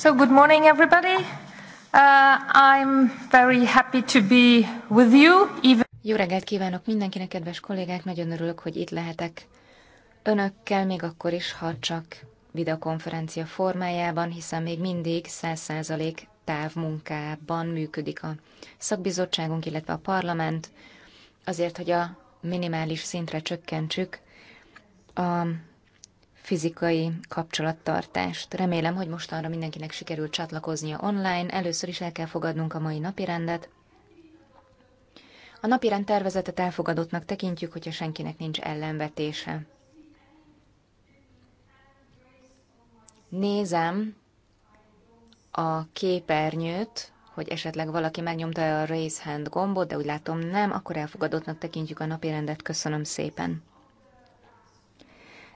So good morning, everybody. Uh, I'm very happy to be with you. Even... Jó reggelt kívánok mindenkinek, kedves kollégák! Nagyon örülök, hogy itt lehetek önökkel, még akkor is, ha csak videokonferencia formájában, hiszen még mindig 100% távmunkában működik a szakbizottságunk, illetve a parlament, azért, hogy a minimális szintre csökkentsük a fizikai kapcsolattartást. Remélem, hogy mostanra mindenkinek sikerült csatlakoznia online. Először is el kell fogadnunk a mai napirendet. A napirend tervezetet elfogadottnak tekintjük, hogyha senkinek nincs ellenvetése. Nézem a képernyőt, hogy esetleg valaki megnyomta a raise hand gombot, de úgy látom nem, akkor elfogadottnak tekintjük a napirendet. Köszönöm szépen.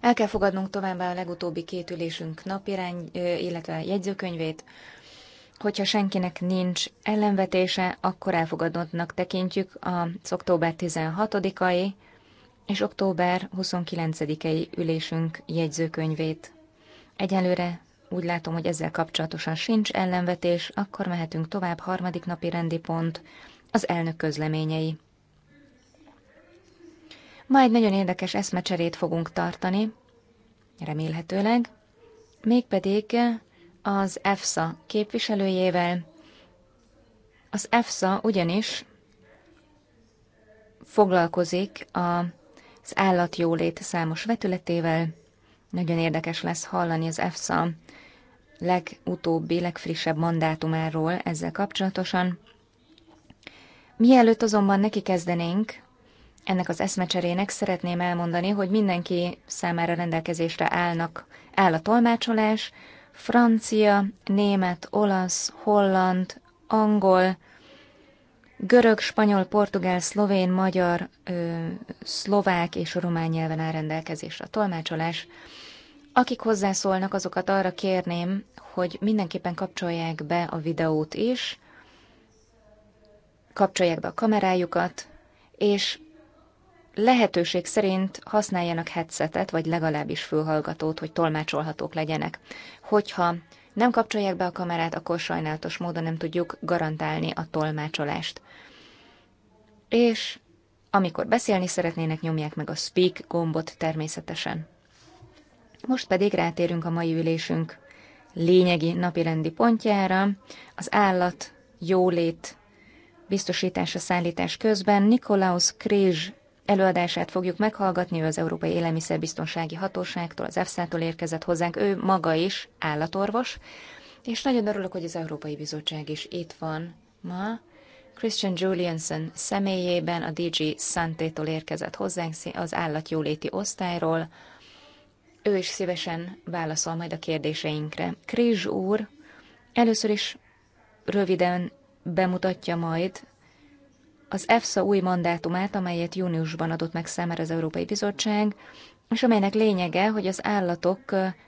El kell fogadnunk továbbá a legutóbbi két ülésünk napirány, illetve jegyzőkönyvét. Hogyha senkinek nincs ellenvetése, akkor elfogadottnak tekintjük a október 16-ai és október 29-ei ülésünk jegyzőkönyvét. Egyelőre úgy látom, hogy ezzel kapcsolatosan sincs ellenvetés, akkor mehetünk tovább harmadik napi rendi pont, az elnök közleményei. Ma egy nagyon érdekes eszmecserét fogunk tartani, remélhetőleg, mégpedig az EFSA képviselőjével. Az EFSA ugyanis foglalkozik az állatjólét számos vetületével. Nagyon érdekes lesz hallani az EFSA legutóbbi, legfrissebb mandátumáról ezzel kapcsolatosan. Mielőtt azonban neki kezdenénk ennek az eszmecserének szeretném elmondani, hogy mindenki számára rendelkezésre állnak, áll a tolmácsolás, francia, német, olasz, holland, angol, görög, spanyol, portugál, szlovén, magyar, ö, szlovák és román nyelven áll rendelkezésre a tolmácsolás. Akik hozzászólnak, azokat arra kérném, hogy mindenképpen kapcsolják be a videót is, kapcsolják be a kamerájukat, és lehetőség szerint használjanak headsetet, vagy legalábbis fülhallgatót, hogy tolmácsolhatók legyenek. Hogyha nem kapcsolják be a kamerát, akkor sajnálatos módon nem tudjuk garantálni a tolmácsolást. És amikor beszélni szeretnének, nyomják meg a speak gombot természetesen. Most pedig rátérünk a mai ülésünk lényegi napirendi pontjára, az állat jólét biztosítása szállítás közben Nikolaus Krézs Előadását fogjuk meghallgatni, ő az Európai Élelmiszerbiztonsági Hatóságtól, az EFSA-tól érkezett hozzánk, ő maga is állatorvos, és nagyon örülök, hogy az Európai Bizottság is itt van ma. Christian Juliansen személyében a DG tól érkezett hozzánk az állatjóléti osztályról. Ő is szívesen válaszol majd a kérdéseinkre. Krizs úr először is röviden bemutatja majd az EFSA új mandátumát, amelyet júniusban adott meg számára az Európai Bizottság, és amelynek lényege, hogy az állatok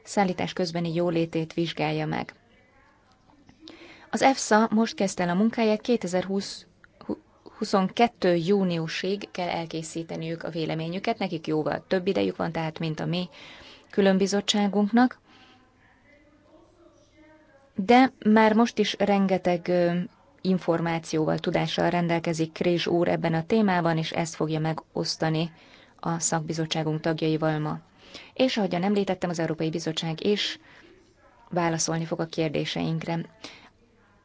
szállítás közbeni jólétét vizsgálja meg. Az EFSA most kezdte el a munkáját, 2020 22. júniusig kell elkészíteniük a véleményüket, nekik jóval több idejük van, tehát mint a mi különbizottságunknak. De már most is rengeteg információval, tudással rendelkezik Krézs úr ebben a témában, és ezt fogja megosztani a szakbizottságunk tagjaival ma. És ahogyan említettem, az Európai Bizottság is válaszolni fog a kérdéseinkre.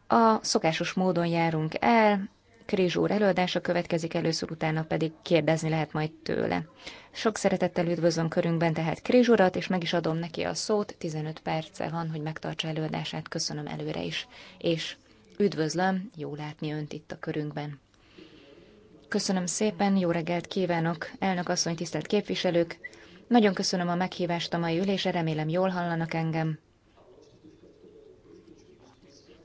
A szokásos módon járunk el, Krézs úr előadása következik, először utána pedig kérdezni lehet majd tőle. Sok szeretettel üdvözlöm körünkben tehát Krézs urat, és meg is adom neki a szót, 15 perce van, hogy megtartsa előadását, köszönöm előre is, és Üdvözlöm, jó látni önt itt a körünkben. Köszönöm szépen, jó reggelt kívánok, elnök asszony, tisztelt képviselők. Nagyon köszönöm a meghívást a mai ülésre, remélem jól hallanak engem.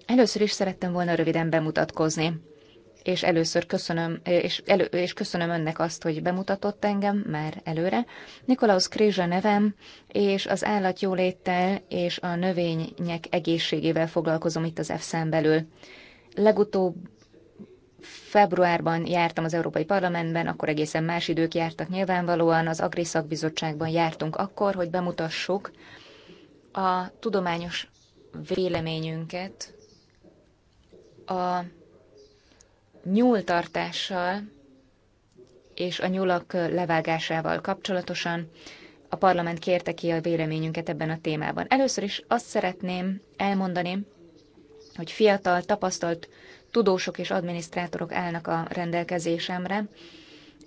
Először is szerettem volna röviden bemutatkozni és először köszönöm, és, elő, és köszönöm önnek azt, hogy bemutatott engem már előre. Nikolaus Krézsa nevem, és az állatjóléttel és a növények egészségével foglalkozom itt az EFSZ-en belül. Legutóbb februárban jártam az Európai Parlamentben, akkor egészen más idők jártak nyilvánvalóan, az Agri Szakbizottságban jártunk akkor, hogy bemutassuk a tudományos véleményünket a nyúltartással és a nyulak levágásával kapcsolatosan a parlament kérte ki a véleményünket ebben a témában. Először is azt szeretném elmondani, hogy fiatal, tapasztalt tudósok és adminisztrátorok állnak a rendelkezésemre,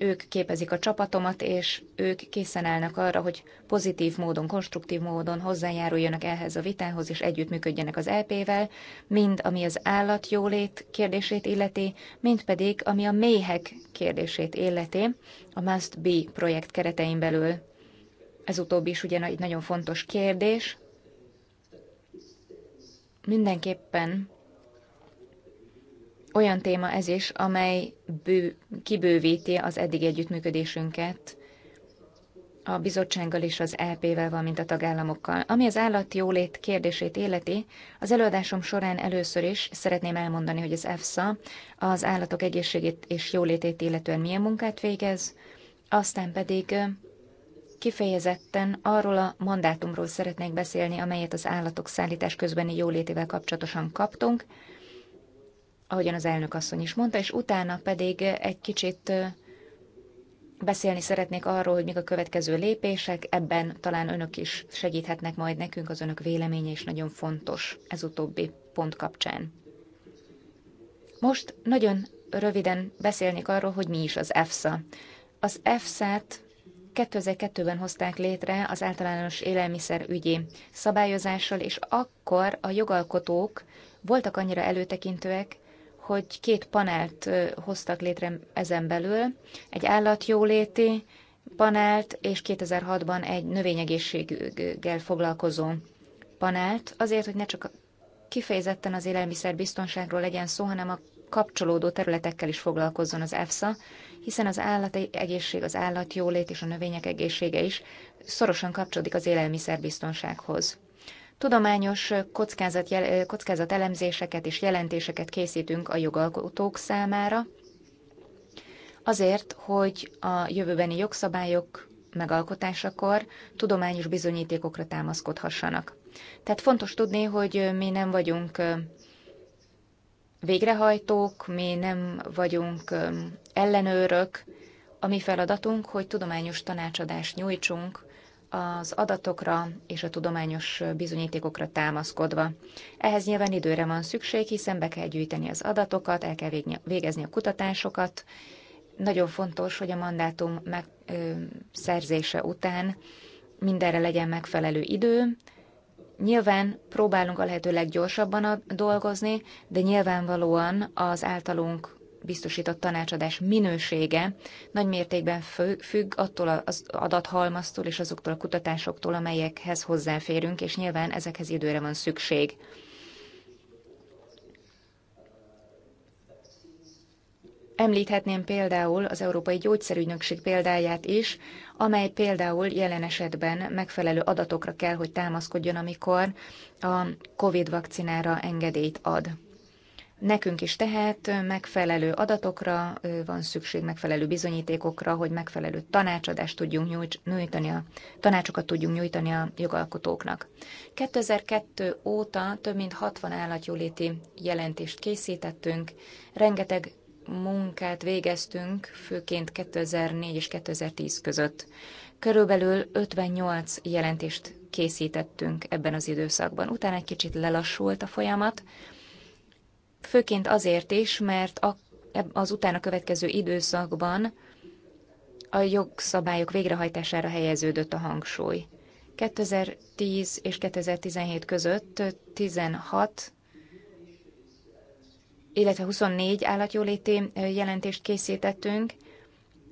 ők képezik a csapatomat, és ők készen állnak arra, hogy pozitív módon, konstruktív módon hozzájáruljanak ehhez a vitához, és együttműködjenek az EP-vel, mind ami az állatjólét kérdését illeti, mind pedig ami a méhek kérdését illeti, a Must Be projekt keretein belül. Ez utóbbi is ugye egy nagyon fontos kérdés. Mindenképpen olyan téma ez is, amely bő, kibővíti az eddig együttműködésünket a bizottsággal és az EP-vel, valamint a tagállamokkal. Ami az állati jólét kérdését életi, az előadásom során először is szeretném elmondani, hogy az EFSA az állatok egészségét és jólétét illetően milyen munkát végez, aztán pedig kifejezetten arról a mandátumról szeretnék beszélni, amelyet az állatok szállítás közbeni jólétével kapcsolatosan kaptunk, ahogyan az elnök asszony is mondta, és utána pedig eh, egy kicsit eh, beszélni szeretnék arról, hogy mik a következő lépések, ebben talán önök is segíthetnek majd nekünk, az önök véleménye is nagyon fontos ez utóbbi pont kapcsán. Most nagyon röviden beszélnék arról, hogy mi is az EFSA. Az EFSA-t 2002-ben hozták létre az általános élelmiszerügyi szabályozással, és akkor a jogalkotók voltak annyira előtekintőek, hogy két panelt hoztak létre ezen belül, egy állatjóléti panelt, és 2006-ban egy növényegészséggel foglalkozó panelt, azért, hogy ne csak kifejezetten az élelmiszerbiztonságról legyen szó, hanem a kapcsolódó területekkel is foglalkozzon az EFSA, hiszen az állati egészség, az állatjólét és a növények egészsége is szorosan kapcsolódik az élelmiszerbiztonsághoz. Tudományos kockázat, kockázat elemzéseket és jelentéseket készítünk a jogalkotók számára, azért, hogy a jövőbeni jogszabályok megalkotásakor tudományos bizonyítékokra támaszkodhassanak. Tehát fontos tudni, hogy mi nem vagyunk végrehajtók, mi nem vagyunk ellenőrök. A mi feladatunk, hogy tudományos tanácsadást nyújtsunk az adatokra és a tudományos bizonyítékokra támaszkodva. Ehhez nyilván időre van szükség, hiszen be kell gyűjteni az adatokat, el kell végezni a kutatásokat. Nagyon fontos, hogy a mandátum megszerzése után mindenre legyen megfelelő idő. Nyilván próbálunk a lehető leggyorsabban dolgozni, de nyilvánvalóan az általunk biztosított tanácsadás minősége nagy mértékben függ attól az adathalmaztól és azoktól a kutatásoktól, amelyekhez hozzáférünk, és nyilván ezekhez időre van szükség. Említhetném például az Európai Gyógyszerügynökség példáját is, amely például jelen esetben megfelelő adatokra kell, hogy támaszkodjon, amikor a COVID vakcinára engedélyt ad. Nekünk is tehát megfelelő adatokra van szükség, megfelelő bizonyítékokra, hogy megfelelő tanácsadást tudjunk nyújtani, a, tanácsokat tudjunk nyújtani a jogalkotóknak. 2002 óta több mint 60 állatjóléti jelentést készítettünk, rengeteg munkát végeztünk, főként 2004 és 2010 között. Körülbelül 58 jelentést készítettünk ebben az időszakban. Utána egy kicsit lelassult a folyamat, Főként azért is, mert az utána következő időszakban a jogszabályok végrehajtására helyeződött a hangsúly. 2010 és 2017 között 16, illetve 24 állatjóléti jelentést készítettünk,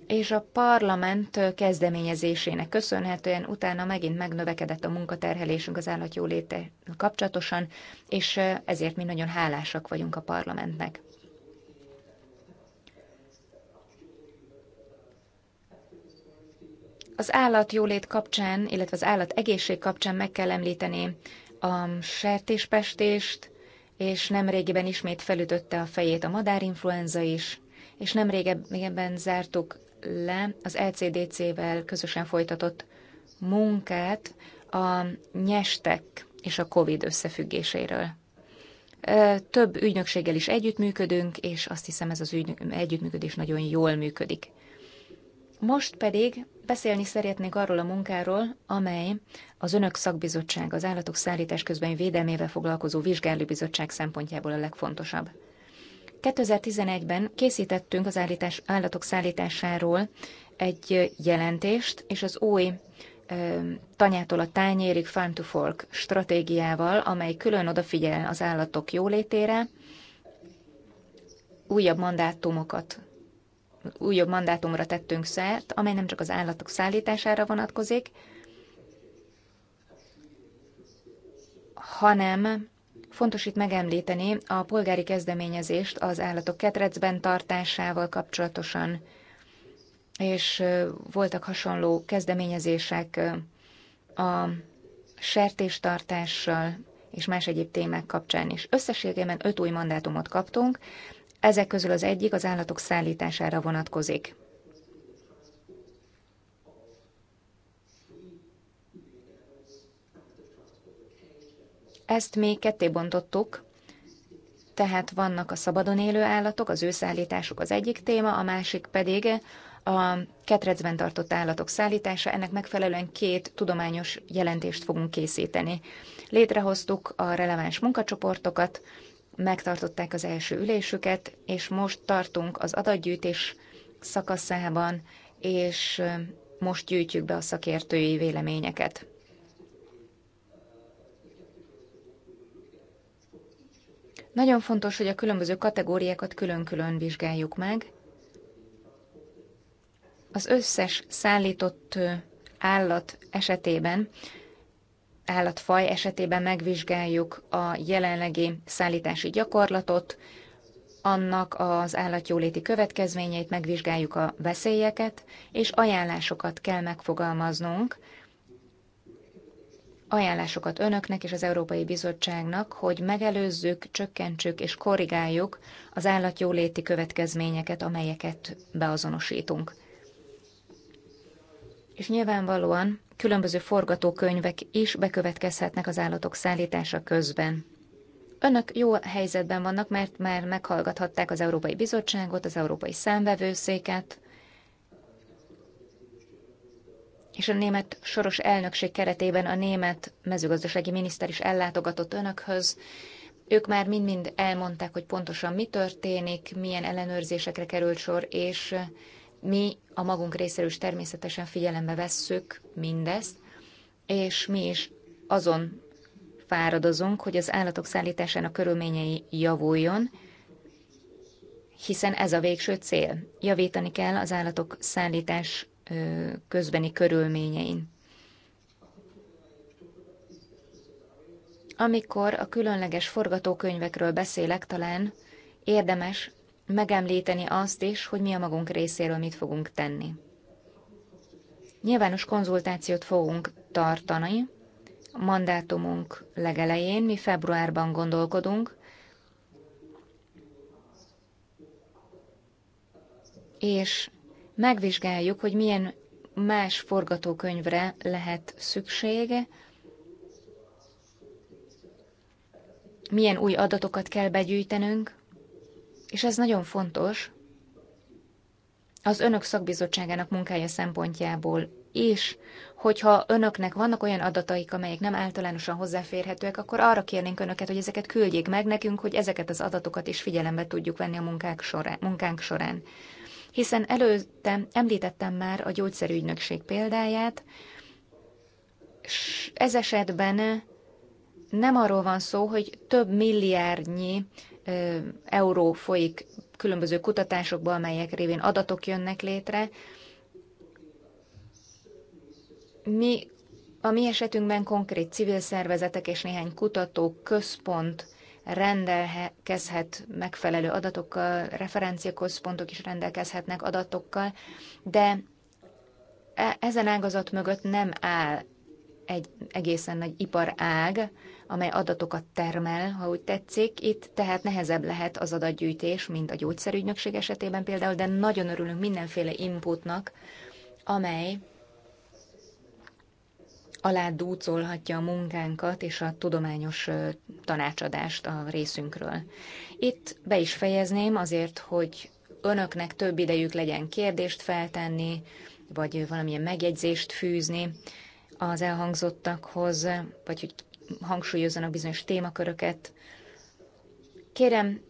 és a parlament kezdeményezésének köszönhetően utána megint megnövekedett a munkaterhelésünk az állatjóléte kapcsolatosan, és ezért mi nagyon hálásak vagyunk a parlamentnek. Az állatjólét kapcsán, illetve az állat egészség kapcsán meg kell említeni a sertéspestést, és nemrégiben ismét felütötte a fejét a madárinfluenza is, és régebben zártuk le az lcdc e vel közösen folytatott munkát a nyestek és a COVID összefüggéséről. Több ügynökséggel is együttműködünk, és azt hiszem ez az ügy, együttműködés nagyon jól működik. Most pedig beszélni szeretnék arról a munkáról, amely az Önök Szakbizottság az állatok szállítás közben védelmével foglalkozó vizsgálóbizottság szempontjából a legfontosabb. 2011-ben készítettünk az állítás, állatok szállításáról egy jelentést, és az új tanyától a tányérig Farm to Fork stratégiával, amely külön odafigyel az állatok jólétére, újabb mandátumokat újabb mandátumra tettünk szert, amely nem csak az állatok szállítására vonatkozik, hanem Fontos itt megemlíteni a polgári kezdeményezést az állatok ketrecben tartásával kapcsolatosan, és voltak hasonló kezdeményezések a sertéstartással és más egyéb témák kapcsán is. Összességében öt új mandátumot kaptunk, ezek közül az egyik az állatok szállítására vonatkozik. Ezt még ketté bontottuk, tehát vannak a szabadon élő állatok, az ő szállításuk az egyik téma, a másik pedig a ketrecben tartott állatok szállítása, ennek megfelelően két tudományos jelentést fogunk készíteni. Létrehoztuk a releváns munkacsoportokat, megtartották az első ülésüket, és most tartunk az adatgyűjtés szakaszában, és most gyűjtjük be a szakértői véleményeket. Nagyon fontos, hogy a különböző kategóriákat külön-külön vizsgáljuk meg. Az összes szállított állat esetében, állatfaj esetében megvizsgáljuk a jelenlegi szállítási gyakorlatot, annak az állatjóléti következményeit, megvizsgáljuk a veszélyeket, és ajánlásokat kell megfogalmaznunk ajánlásokat önöknek és az Európai Bizottságnak, hogy megelőzzük, csökkentsük és korrigáljuk az állatjóléti következményeket, amelyeket beazonosítunk. És nyilvánvalóan különböző forgatókönyvek is bekövetkezhetnek az állatok szállítása közben. Önök jó helyzetben vannak, mert már meghallgathatták az Európai Bizottságot, az Európai Számvevőszéket, és a német soros elnökség keretében a német mezőgazdasági miniszter is ellátogatott önökhöz. Ők már mind-mind elmondták, hogy pontosan mi történik, milyen ellenőrzésekre került sor, és mi a magunk részéről is természetesen figyelembe vesszük mindezt, és mi is azon fáradozunk, hogy az állatok szállításának körülményei javuljon, hiszen ez a végső cél. Javítani kell az állatok szállítás közbeni körülményein. Amikor a különleges forgatókönyvekről beszélek, talán érdemes megemlíteni azt is, hogy mi a magunk részéről mit fogunk tenni. Nyilvános konzultációt fogunk tartani, a mandátumunk legelején, mi februárban gondolkodunk, és megvizsgáljuk, hogy milyen más forgatókönyvre lehet szüksége, milyen új adatokat kell begyűjtenünk, és ez nagyon fontos az önök szakbizottságának munkája szempontjából is, hogyha önöknek vannak olyan adataik, amelyek nem általánosan hozzáférhetőek, akkor arra kérnénk önöket, hogy ezeket küldjék meg nekünk, hogy ezeket az adatokat is figyelembe tudjuk venni a munkánk során. Munkánk során hiszen előtte említettem már a gyógyszerügynökség példáját, és ez esetben nem arról van szó, hogy több milliárdnyi euró folyik különböző kutatásokba, amelyek révén adatok jönnek létre. Mi a mi esetünkben konkrét civil szervezetek és néhány kutató központ rendelkezhet megfelelő adatokkal, referenciaközpontok is rendelkezhetnek adatokkal, de e, ezen ágazat mögött nem áll egy egészen nagy iparág, amely adatokat termel, ha úgy tetszik. Itt tehát nehezebb lehet az adatgyűjtés, mint a gyógyszerügynökség esetében például, de nagyon örülünk mindenféle inputnak, amely alá dúcolhatja a munkánkat és a tudományos tanácsadást a részünkről. Itt be is fejezném azért, hogy önöknek több idejük legyen kérdést feltenni, vagy valamilyen megjegyzést fűzni az elhangzottakhoz, vagy hogy hangsúlyozzanak bizonyos témaköröket. Kérem,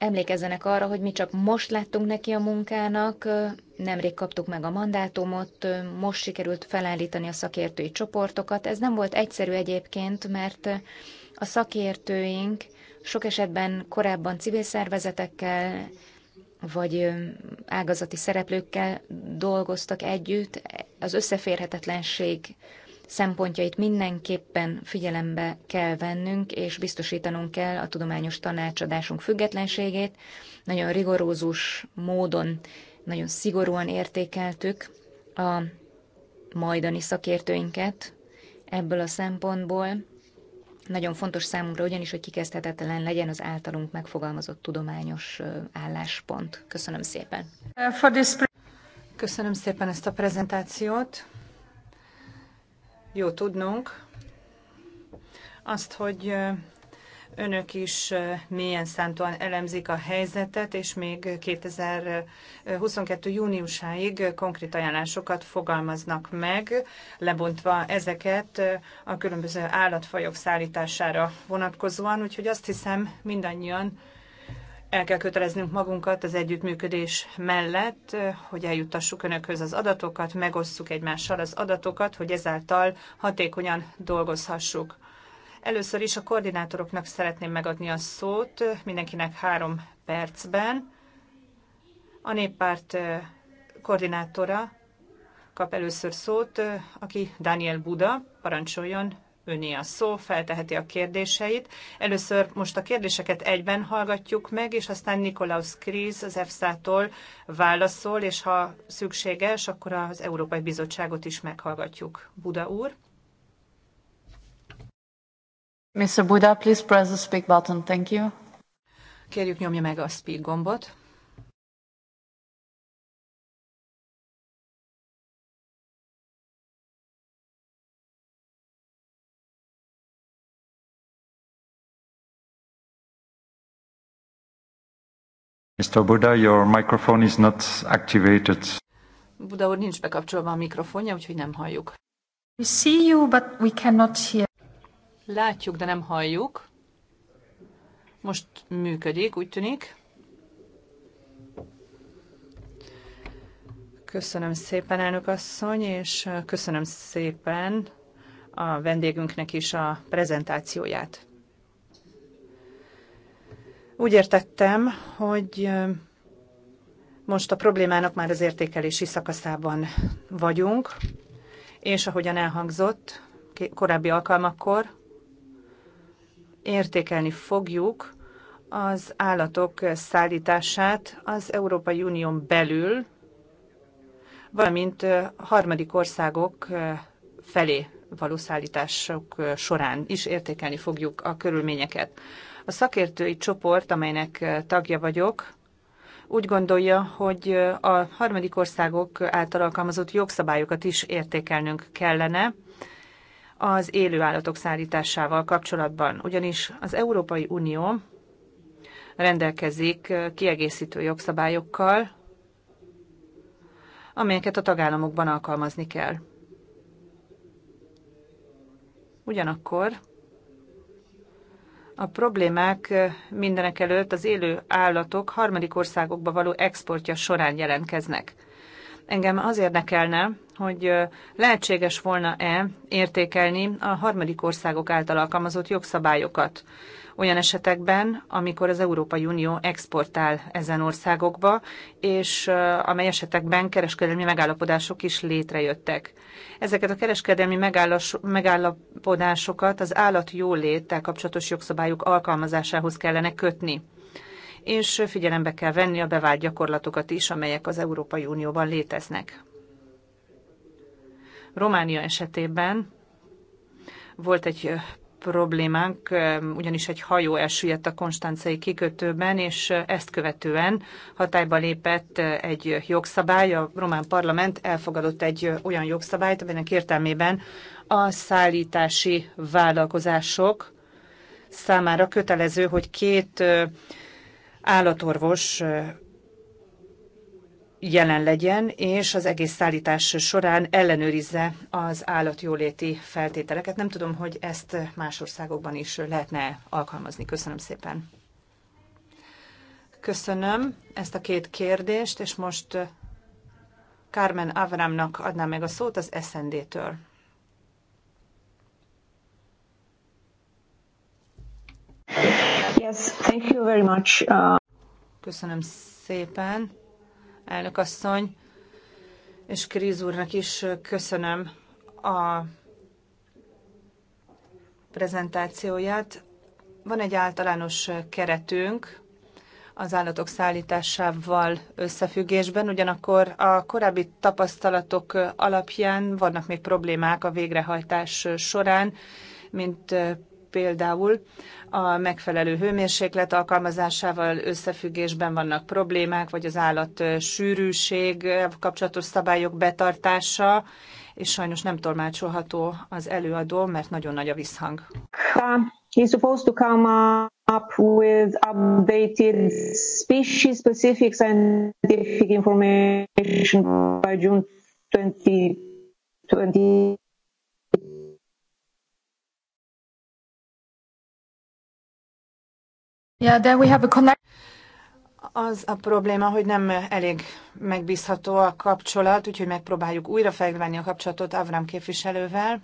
emlékezzenek arra, hogy mi csak most láttunk neki a munkának, nemrég kaptuk meg a mandátumot, most sikerült felállítani a szakértői csoportokat. Ez nem volt egyszerű egyébként, mert a szakértőink sok esetben korábban civil szervezetekkel, vagy ágazati szereplőkkel dolgoztak együtt. Az összeférhetetlenség szempontjait mindenképpen figyelembe kell vennünk, és biztosítanunk kell a tudományos tanácsadásunk függetlenségét. Nagyon rigorózus módon, nagyon szigorúan értékeltük a majdani szakértőinket ebből a szempontból. Nagyon fontos számunkra ugyanis, hogy kikezdhetetlen legyen az általunk megfogalmazott tudományos álláspont. Köszönöm szépen! Köszönöm szépen ezt a prezentációt! jó tudnunk azt, hogy önök is milyen szántóan elemzik a helyzetet, és még 2022. júniusáig konkrét ajánlásokat fogalmaznak meg, lebontva ezeket a különböző állatfajok szállítására vonatkozóan, úgyhogy azt hiszem mindannyian el kell köteleznünk magunkat az együttműködés mellett, hogy eljuttassuk önökhöz az adatokat, megosszuk egymással az adatokat, hogy ezáltal hatékonyan dolgozhassuk. Először is a koordinátoroknak szeretném megadni a szót, mindenkinek három percben. A néppárt koordinátora kap először szót, aki Daniel Buda, parancsoljon öné a szó, felteheti a kérdéseit. Először most a kérdéseket egyben hallgatjuk meg, és aztán Nikolaus Kriz az EFSA-tól válaszol, és ha szükséges, akkor az Európai Bizottságot is meghallgatjuk. Buda úr. Mr. Buda, please press the speak button. Thank you. Kérjük nyomja meg a speak gombot. Mr. Buda, your microphone is not activated. Buda úr, nincs bekapcsolva a mikrofonja, úgyhogy nem halljuk. We see you, but we cannot hear. Látjuk, de nem halljuk. Most működik, úgy tűnik. Köszönöm szépen, elnök asszony, és köszönöm szépen a vendégünknek is a prezentációját. Úgy értettem, hogy most a problémának már az értékelési szakaszában vagyunk, és ahogyan elhangzott korábbi alkalmakkor, értékelni fogjuk az állatok szállítását az Európai Unión belül, valamint harmadik országok felé való szállítások során is értékelni fogjuk a körülményeket. A szakértői csoport, amelynek eh, tagja vagyok, úgy gondolja, hogy eh, a harmadik országok által alkalmazott jogszabályokat is értékelnünk kellene az élő állatok szállításával kapcsolatban, ugyanis az Európai Unió rendelkezik eh, kiegészítő jogszabályokkal, amelyeket a tagállamokban alkalmazni kell. Ugyanakkor a problémák mindenek előtt az élő állatok harmadik országokba való exportja során jelentkeznek. Engem az érdekelne, hogy lehetséges volna-e értékelni a harmadik országok által alkalmazott jogszabályokat olyan esetekben, amikor az Európai Unió exportál ezen országokba, és amely esetekben kereskedelmi megállapodások is létrejöttek. Ezeket a kereskedelmi megállapodásokat az állatjóléttel kapcsolatos jogszabályok alkalmazásához kellene kötni és figyelembe kell venni a bevált gyakorlatokat is, amelyek az Európai Unióban léteznek. Románia esetében volt egy problémánk, ugyanis egy hajó elsüllyedt a konstancei kikötőben, és ezt követően hatályba lépett egy jogszabály, a román parlament elfogadott egy olyan jogszabályt, amelynek értelmében a szállítási vállalkozások számára kötelező, hogy két állatorvos jelen legyen, és az egész szállítás során ellenőrizze az állatjóléti feltételeket. Nem tudom, hogy ezt más országokban is lehetne alkalmazni. Köszönöm szépen. Köszönöm ezt a két kérdést, és most Carmen Avramnak adnám meg a szót az SND-től. Yes, thank you very much. Uh... Köszönöm szépen elnök asszony, és Kriz úrnak is köszönöm a prezentációját. Van egy általános keretünk az állatok szállításával összefüggésben, ugyanakkor a korábbi tapasztalatok alapján vannak még problémák a végrehajtás során, mint például a megfelelő hőmérséklet alkalmazásával összefüggésben vannak problémák, vagy az állat sűrűség kapcsolatos szabályok betartása, és sajnos nem tolmácsolható az előadó, mert nagyon nagy a visszhang. Um, he's supposed to come up with updated species-specific scientific information by June 2020. Yeah, we have a connect- az a probléma, hogy nem elég megbízható a kapcsolat, úgyhogy megpróbáljuk újra felvenni a kapcsolatot Avram képviselővel.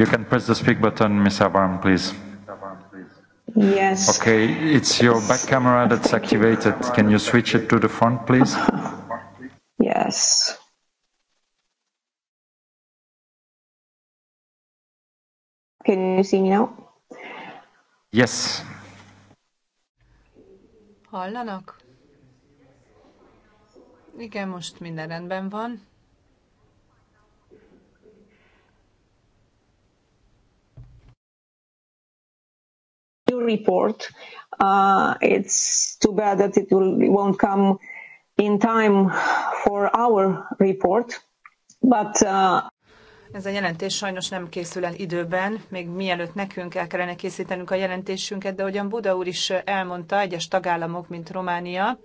You can press the speak button, Miss Abram, please. Yes. Okay, it's your back camera that's activated. Can you switch it to the front, please? Yes. Can you see me now? Yes. Hallanak? Igen, most minden rendben van. report. Uh, it's too bad that it will, it won't come in time for our report, but uh, ez a jelentés sajnos nem készül el időben, még mielőtt nekünk el kellene készítenünk a jelentésünket, de ahogyan Buda úr is elmondta, egyes tagállamok, mint Románia,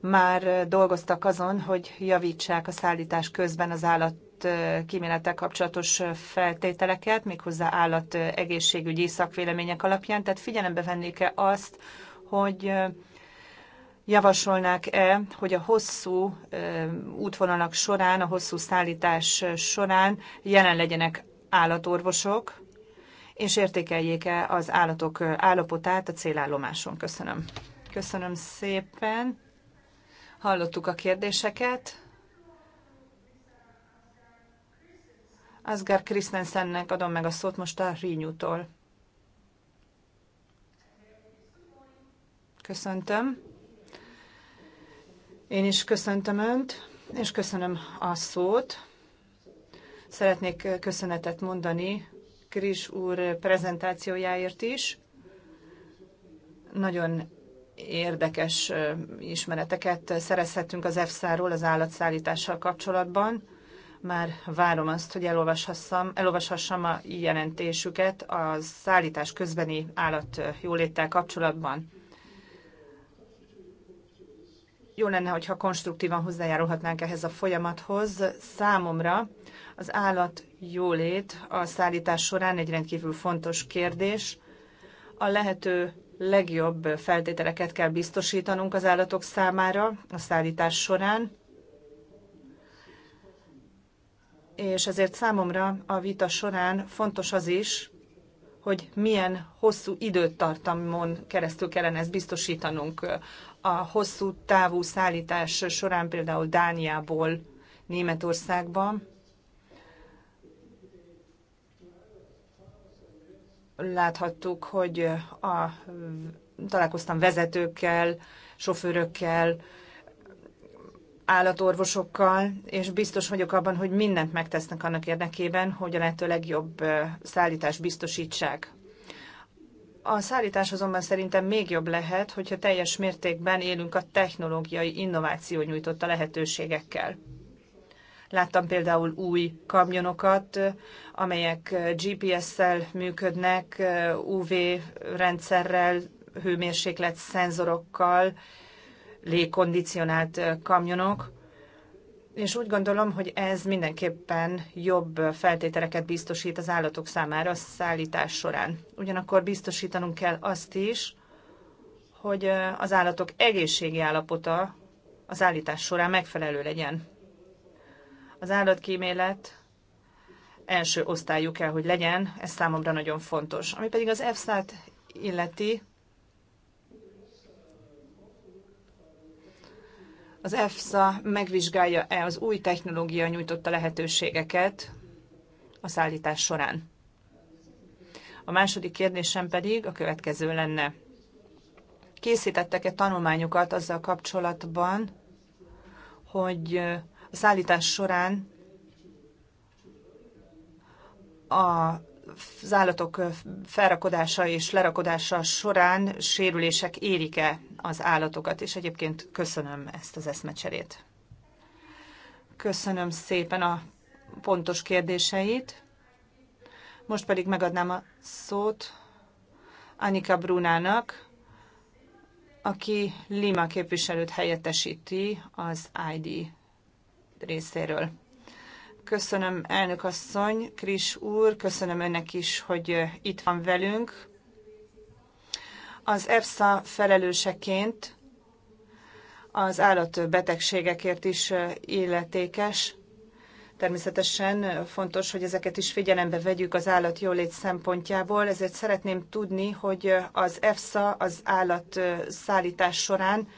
már dolgoztak azon, hogy javítsák a szállítás közben az állat állat kímélettel kapcsolatos feltételeket, méghozzá állat egészségügyi szakvélemények alapján. Tehát figyelembe vennék-e azt, hogy javasolnák-e, hogy a hosszú útvonalak során, a hosszú szállítás során jelen legyenek állatorvosok, és értékeljék-e az állatok állapotát a célállomáson. Köszönöm. Köszönöm szépen. Hallottuk a kérdéseket. Asgar Krisztensennek adom meg a szót most a Rínyútól. Köszöntöm. Én is köszöntöm Önt, és köszönöm a szót. Szeretnék köszönetet mondani Kris úr prezentációjáért is. Nagyon érdekes ismereteket szerezhetünk az EFSA-ról, az állatszállítással kapcsolatban. Már várom azt, hogy elolvashassam, elolvashassam a jelentésüket a szállítás közbeni állat jóléttel kapcsolatban. Jó lenne, hogyha konstruktívan hozzájárulhatnánk ehhez a folyamathoz. Számomra az állat jólét a szállítás során egy rendkívül fontos kérdés. A lehető legjobb feltételeket kell biztosítanunk az állatok számára a szállítás során és ezért számomra a vita során fontos az is, hogy milyen hosszú időtartamon keresztül kellene ezt biztosítanunk. A hosszú távú szállítás során például Dániából Németországba láthattuk, hogy a, találkoztam vezetőkkel, sofőrökkel, állatorvosokkal, és biztos vagyok abban, hogy mindent megtesznek annak érdekében, hogy a lehető legjobb szállítás biztosítsák. A szállítás azonban szerintem még jobb lehet, hogyha teljes mértékben élünk a technológiai innováció nyújtotta lehetőségekkel. Láttam például új kamionokat, amelyek GPS-szel működnek, UV rendszerrel, hőmérséklet szenzorokkal, légkondicionált kamionok, és úgy gondolom, hogy ez mindenképpen jobb feltételeket biztosít az állatok számára a szállítás során. Ugyanakkor biztosítanunk kell azt is, hogy az állatok egészségi állapota az állítás során megfelelő legyen. Az állatkímélet első osztályú kell, hogy legyen, ez számomra nagyon fontos. Ami pedig az EFSA-t illeti, Az EFSA megvizsgálja-e az új technológia nyújtotta lehetőségeket a szállítás során? A második kérdésem pedig a következő lenne. Készítettek-e tanulmányokat azzal kapcsolatban, hogy a szállítás során a az állatok felrakodása és lerakodása során sérülések érik-e az állatokat, és egyébként köszönöm ezt az eszmecserét. Köszönöm szépen a pontos kérdéseit. Most pedig megadnám a szót Anika Brunának, aki Lima képviselőt helyettesíti az ID részéről. Köszönöm, elnök asszony, Kris úr, köszönöm önnek is, hogy itt van velünk. Az EFSA felelőseként az állatbetegségekért is illetékes. Természetesen fontos, hogy ezeket is figyelembe vegyük az állat jólét szempontjából, ezért szeretném tudni, hogy az EFSA az állat szállítás során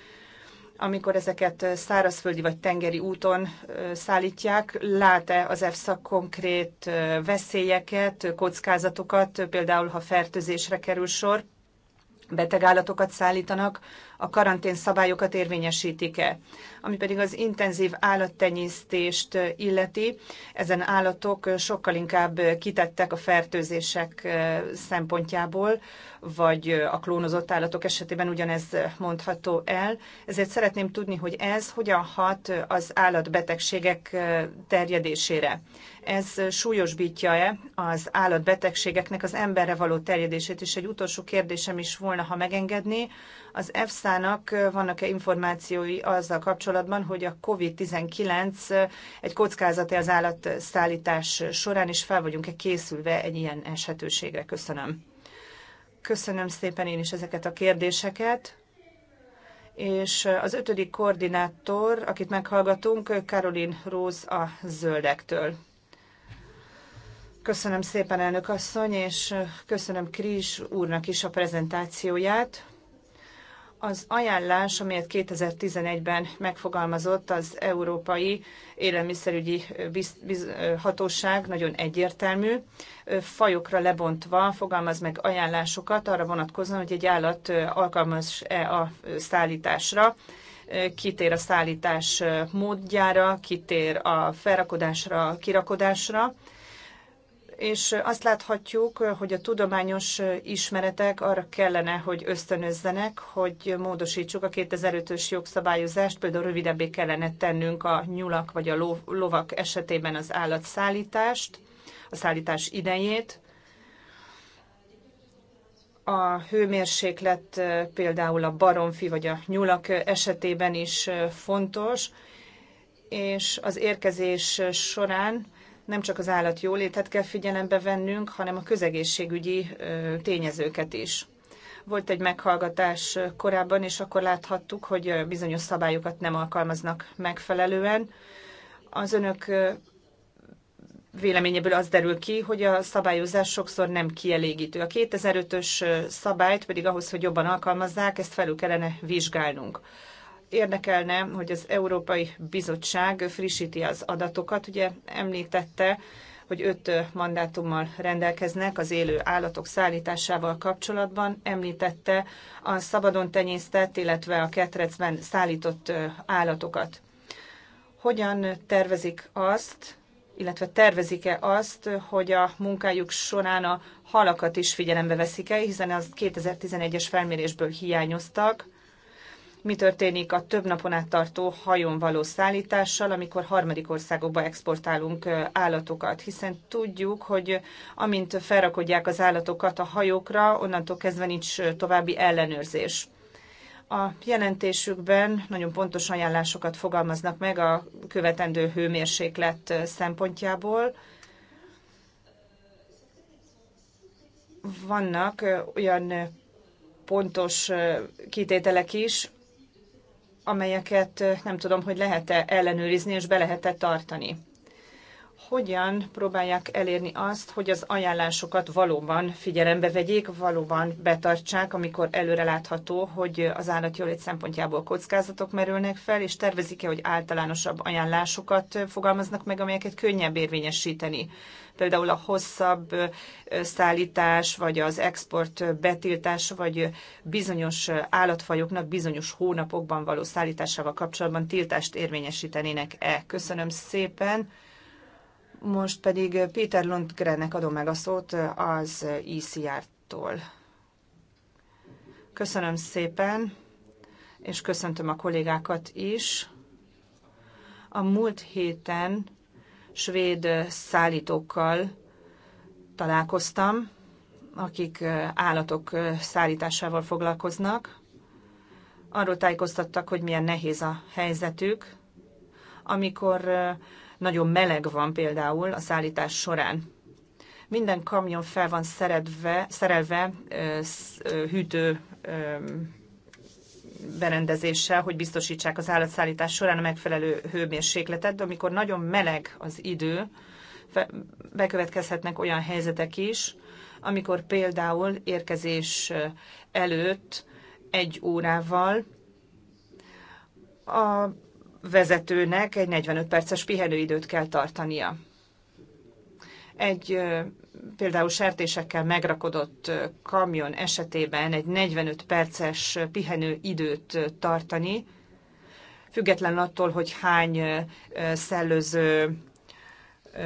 amikor ezeket szárazföldi vagy tengeri úton szállítják, lát-e az EFSA konkrét veszélyeket, kockázatokat, például ha fertőzésre kerül sor, betegállatokat szállítanak, a karantén szabályokat érvényesítik-e. Ami pedig az intenzív állattenyésztést illeti, ezen állatok sokkal inkább kitettek a fertőzések szempontjából, vagy a klónozott állatok esetében ugyanez mondható el. Ezért szeretném tudni, hogy ez hogyan hat az állatbetegségek terjedésére ez súlyosbítja-e az állatbetegségeknek az emberre való terjedését? És egy utolsó kérdésem is volna, ha megengedné. Az EFSA-nak vannak-e információi azzal kapcsolatban, hogy a COVID-19 egy kockázat-e az állatszállítás során, és fel vagyunk-e készülve egy ilyen eshetőségre? Köszönöm. Köszönöm szépen én is ezeket a kérdéseket és az ötödik koordinátor, akit meghallgatunk, Karolin Róz a Zöldektől. Köszönöm szépen, elnök asszony, és köszönöm Krisz úrnak is a prezentációját. Az ajánlás, amelyet 2011-ben megfogalmazott az Európai Élelmiszerügyi Hatóság, nagyon egyértelmű. Fajokra lebontva fogalmaz meg ajánlásokat arra vonatkozóan, hogy egy állat alkalmas-e a szállításra kitér a szállítás módjára, kitér a felrakodásra, kirakodásra, és azt láthatjuk, hogy a tudományos ismeretek arra kellene, hogy ösztönözzenek, hogy módosítsuk a 2005-ös jogszabályozást, például rövidebbé kellene tennünk a nyulak vagy a lovak esetében az állatszállítást, a szállítás idejét. A hőmérséklet eh, például a baromfi vagy a nyulak esetében is eh, fontos, és az érkezés során nem csak az állat jólétet kell figyelembe vennünk, hanem a közegészségügyi tényezőket is. Volt egy meghallgatás korábban, és akkor láthattuk, hogy bizonyos szabályokat nem alkalmaznak megfelelően. Az önök véleményeből az derül ki, hogy a szabályozás sokszor nem kielégítő. A 2005-ös szabályt pedig ahhoz, hogy jobban alkalmazzák, ezt felül kellene vizsgálnunk. Érdekelne, hogy az Európai Bizottság frissíti az adatokat. Ugye említette, hogy öt mandátummal rendelkeznek az élő állatok szállításával kapcsolatban. Említette a szabadon tenyésztett, illetve a ketrecben szállított állatokat. Hogyan tervezik azt, illetve tervezik-e azt, hogy a munkájuk során a halakat is figyelembe veszik-e, hiszen az 2011-es felmérésből hiányoztak, mi történik a több napon át tartó hajón való szállítással, amikor harmadik országokba exportálunk állatokat, hiszen tudjuk, hogy amint felrakodják az állatokat a hajókra, onnantól kezdve nincs további ellenőrzés. A jelentésükben nagyon pontos ajánlásokat fogalmaznak meg a követendő hőmérséklet szempontjából. Vannak olyan pontos kitételek is, amelyeket nem tudom, hogy lehet-e ellenőrizni és be lehet-e tartani. Hogyan próbálják elérni azt, hogy az ajánlásokat valóban figyelembe vegyék, valóban betartsák, amikor előre látható, hogy az állatjólét szempontjából kockázatok merülnek fel, és tervezik-e, hogy általánosabb ajánlásokat fogalmaznak meg, amelyeket könnyebb érvényesíteni például a hosszabb szállítás, vagy az export betiltás, vagy bizonyos állatfajoknak bizonyos hónapokban való szállításával kapcsolatban tiltást érvényesítenének-e. Köszönöm szépen. Most pedig Péter Lundgrennek adom meg a szót az ICR-tól. E Köszönöm szépen, és köszöntöm a kollégákat is. A múlt héten svéd szállítókkal találkoztam, akik állatok szállításával foglalkoznak. Arról tájékoztattak, hogy milyen nehéz a helyzetük, amikor nagyon meleg van például a szállítás során. Minden kamion fel van szeredve, szerelve hűtő berendezéssel, hogy biztosítsák az állatszállítás során a megfelelő hőmérsékletet, de amikor nagyon meleg az idő, bekövetkezhetnek olyan helyzetek is, amikor például érkezés előtt egy órával a vezetőnek egy 45 perces pihenőidőt kell tartania. Egy például sertésekkel megrakodott kamion esetében egy 45 perces pihenő időt tartani, független attól, hogy hány szellőző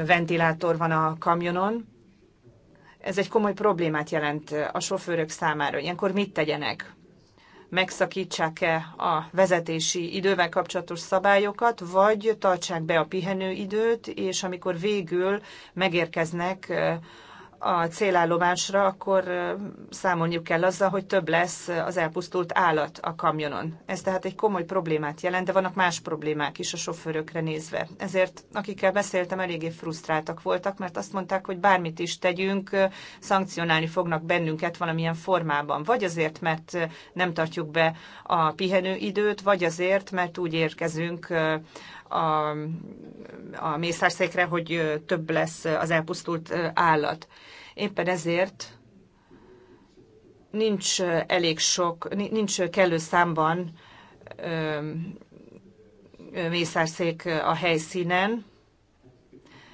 ventilátor van a kamionon. Ez egy komoly problémát jelent a sofőrök számára. Ilyenkor mit tegyenek? megszakítsák-e a vezetési idővel kapcsolatos szabályokat, vagy tartsák be a pihenőidőt, és amikor végül megérkeznek a célállomásra, akkor számoljuk kell azzal, hogy több lesz az elpusztult állat a kamionon. Ez tehát egy komoly problémát jelent, de vannak más problémák is a sofőrökre nézve. Ezért akikkel beszéltem, eléggé frusztráltak voltak, mert azt mondták, hogy bármit is tegyünk, szankcionálni fognak bennünket valamilyen formában. Vagy azért, mert nem tartjuk be a pihenőidőt, vagy azért, mert úgy érkezünk a, a mészárszékre, hogy több lesz az elpusztult állat. Éppen ezért nincs elég sok, nincs kellő számban mészárszék a helyszínen.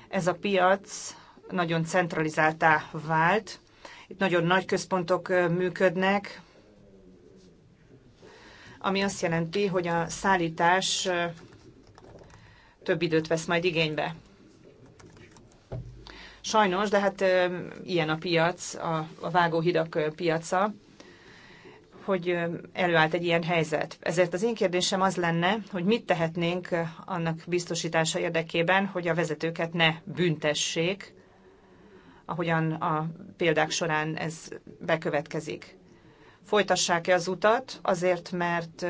Ez a piac nagyon centralizáltá vált. Itt nagyon nagy központok működnek, ami azt jelenti, hogy a szállítás több időt vesz majd igénybe. Sajnos, de hát ilyen a piac, a, a vágóhidak piaca, hogy előállt egy ilyen helyzet. Ezért az én kérdésem az lenne, hogy mit tehetnénk annak biztosítása érdekében, hogy a vezetőket ne büntessék, ahogyan a példák során ez bekövetkezik. Folytassák-e az utat azért, mert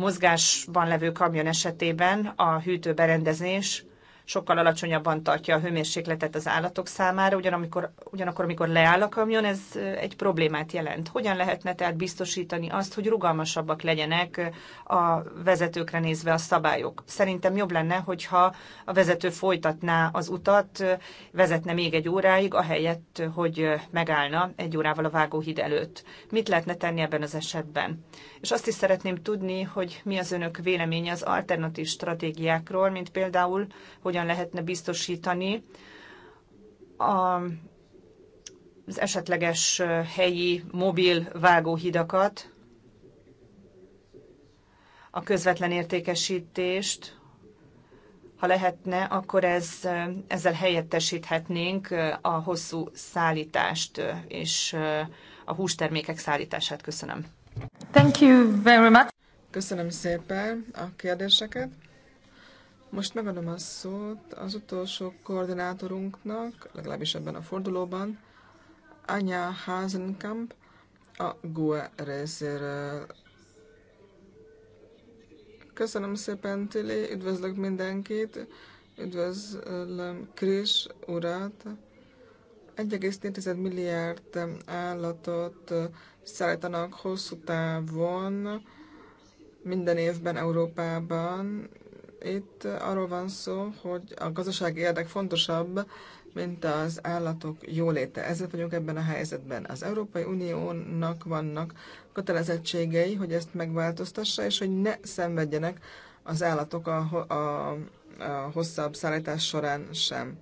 mozgásban levő kamion esetében a hűtőberendezés sokkal alacsonyabban tartja a hőmérsékletet az állatok számára, ugyanakkor, ugyanakkor amikor leáll a kamion, ez egy problémát jelent. Hogyan lehetne tehát biztosítani azt, hogy rugalmasabbak legyenek a vezetőkre nézve a szabályok? Szerintem jobb lenne, hogyha a vezető folytatná az utat, vezetne még egy óráig, ahelyett, hogy megállna egy órával a vágóhíd előtt. Mit lehetne tenni ebben az esetben? És azt is szeretném tudni, hogy mi az önök véleménye az alternatív stratégiákról, mint például, hogy hogyan lehetne biztosítani a, az esetleges helyi mobil vágóhidakat, a közvetlen értékesítést, ha lehetne, akkor ez, ezzel helyettesíthetnénk a hosszú szállítást és a hústermékek szállítását. Köszönöm. Thank you very much. Köszönöm szépen a kérdéseket. Most megadom a szót az utolsó koordinátorunknak, legalábbis ebben a fordulóban, Anya Hasenkamp, a GUE részéről. Köszönöm szépen, Tili, üdvözlök mindenkit, üdvözlöm Kris urat. 1,4 milliárd állatot szállítanak hosszú távon minden évben Európában, itt arról van szó, hogy a gazdasági érdek fontosabb, mint az állatok jóléte. Ezért vagyunk ebben a helyzetben. Az Európai Uniónak vannak kötelezettségei, hogy ezt megváltoztassa, és hogy ne szenvedjenek az állatok a, a, a hosszabb szállítás során sem.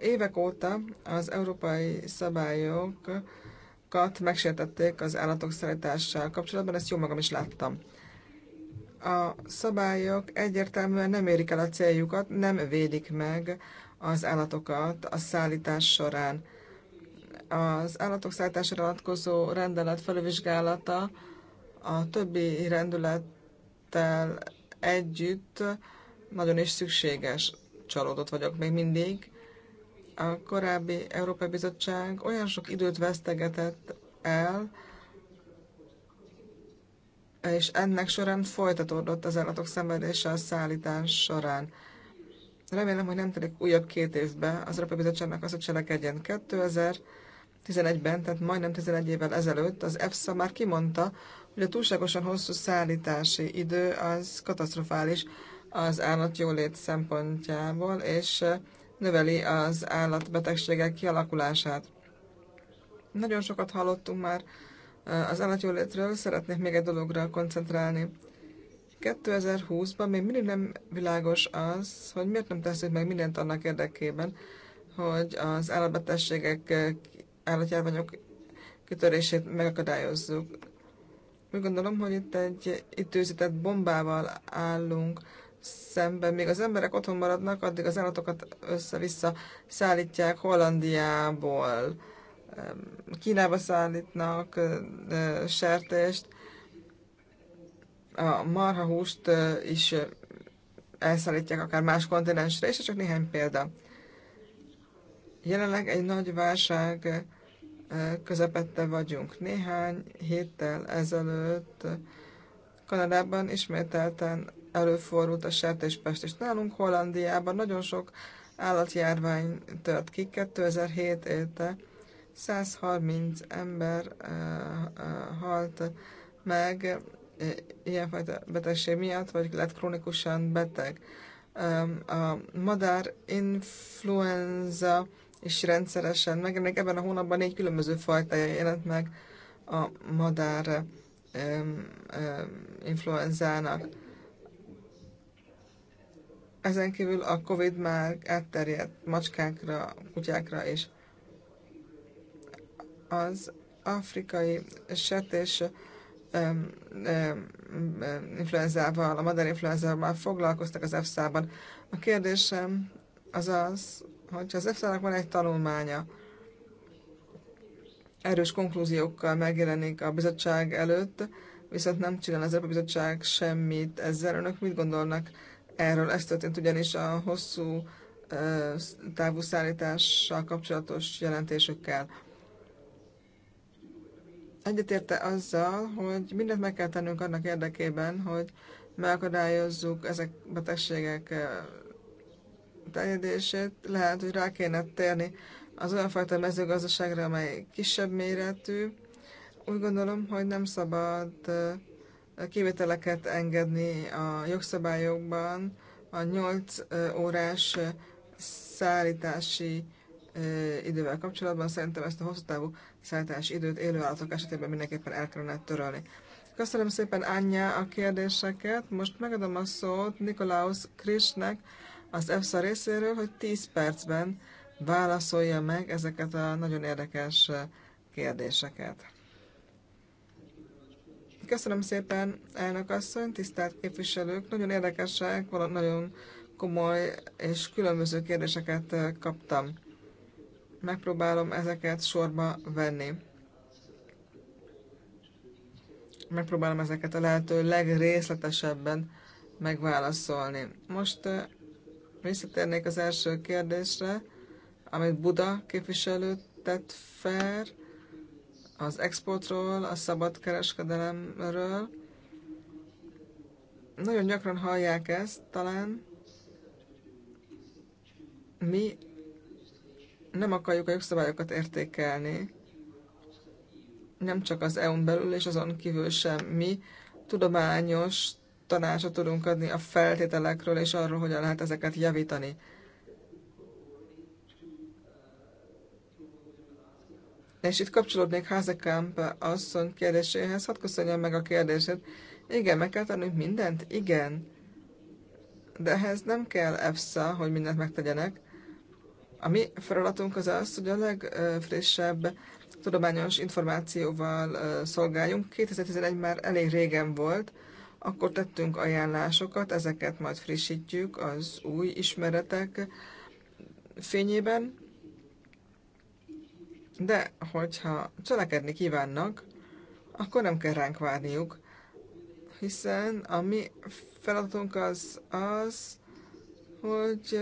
Évek óta az európai szabályokat megsértették az állatok szállítással kapcsolatban, ezt jó magam is láttam a szabályok egyértelműen nem érik el a céljukat, nem védik meg az állatokat a szállítás során. Az állatok szállításra vonatkozó rendelet felülvizsgálata a többi rendülettel együtt nagyon is szükséges. Csalódott vagyok még mindig. A korábbi Európai Bizottság olyan sok időt vesztegetett el, és ennek során folytatódott az állatok szenvedése a szállítás során. Remélem, hogy nem telik újabb két évbe az Európai Bizottságnak az, hogy cselekedjen 2011-ben, tehát majdnem 11 évvel ezelőtt az EFSA már kimondta, hogy a túlságosan hosszú szállítási idő az katasztrofális az állatjólét szempontjából, és eh, növeli az állatbetegségek kialakulását. Nagyon sokat hallottunk már az állatjólétről szeretnék még egy dologra koncentrálni. 2020-ban még mindig nem világos az, hogy miért nem teszünk meg mindent annak érdekében, hogy az állatbetegségek, állatjárványok kitörését megakadályozzuk. Úgy gondolom, hogy itt egy időzített bombával állunk szemben. Még az emberek otthon maradnak, addig az állatokat össze-vissza szállítják Hollandiából, Kínába szállítnak sertést, a marhahúst is elszállítják akár más kontinensre, és ez csak néhány példa. Jelenleg egy nagy válság közepette vagyunk. Néhány héttel ezelőtt Kanadában ismételten előfordult a sertéspest, és nálunk Hollandiában nagyon sok állatjárvány tört ki 2007 éte 130 ember halt meg ilyenfajta betegség miatt, vagy lett krónikusan beteg. A madár influenza is rendszeresen megjelenik. Ebben a hónapban négy különböző fajtája jelent meg a madár influenzának. Ezen kívül a COVID már átterjedt macskákra, kutyákra és az afrikai setés influenzával, a madár már foglalkoztak az EFSA-ban. A kérdésem az az, hogyha az EFSA-nak van egy tanulmánya, erős konklúziókkal megjelenik a bizottság előtt, viszont nem csinál az Európai Bizottság semmit ezzel. Önök mit gondolnak erről? Ez történt ugyanis a hosszú eh, távú szállítással kapcsolatos jelentésekkel egyetérte azzal, hogy mindent meg kell tennünk annak érdekében, hogy megakadályozzuk ezek betegségek eh, terjedését. Lehet, hogy rá kéne térni az olyan fajta mezőgazdaságra, amely kisebb méretű. Úgy gondolom, hogy nem szabad eh, kivételeket engedni a jogszabályokban, a 8 eh, órás szállítási idővel kapcsolatban szerintem ezt a hosszú távú szállítási időt élőállatok esetében mindenképpen el kellene törölni. Köszönöm szépen Anya a kérdéseket. Most megadom a szót Nikolaus Krisnek az EFSA részéről, hogy 10 percben válaszolja meg ezeket a nagyon érdekes kérdéseket. Köszönöm szépen, elnök asszony, tisztelt képviselők. Nagyon érdekesek, nagyon komoly és különböző kérdéseket kaptam megpróbálom ezeket sorba venni. Megpróbálom ezeket a lehető legrészletesebben megválaszolni. Most visszatérnék az első kérdésre, amit Buda képviselő tett fel az exportról, a szabadkereskedelemről. Nagyon gyakran hallják ezt talán. Mi nem akarjuk a jogszabályokat értékelni, nem csak az EU-n belül és azon kívül sem. Mi tudományos tanácsot tudunk adni a feltételekről és arról, hogyan lehet ezeket javítani. És itt kapcsolódnék Házekamp asszony kérdéséhez. Hadd köszönjem meg a kérdését. Igen, meg kell tanulni mindent? Igen. De ehhez nem kell EFSA, hogy mindent megtegyenek. A mi feladatunk az az, hogy a legfrissebb tudományos információval szolgáljunk. 2011 már elég régen volt, akkor tettünk ajánlásokat, ezeket majd frissítjük az új ismeretek fényében. De hogyha cselekedni kívánnak, akkor nem kell ránk várniuk, hiszen a mi feladatunk az az, hogy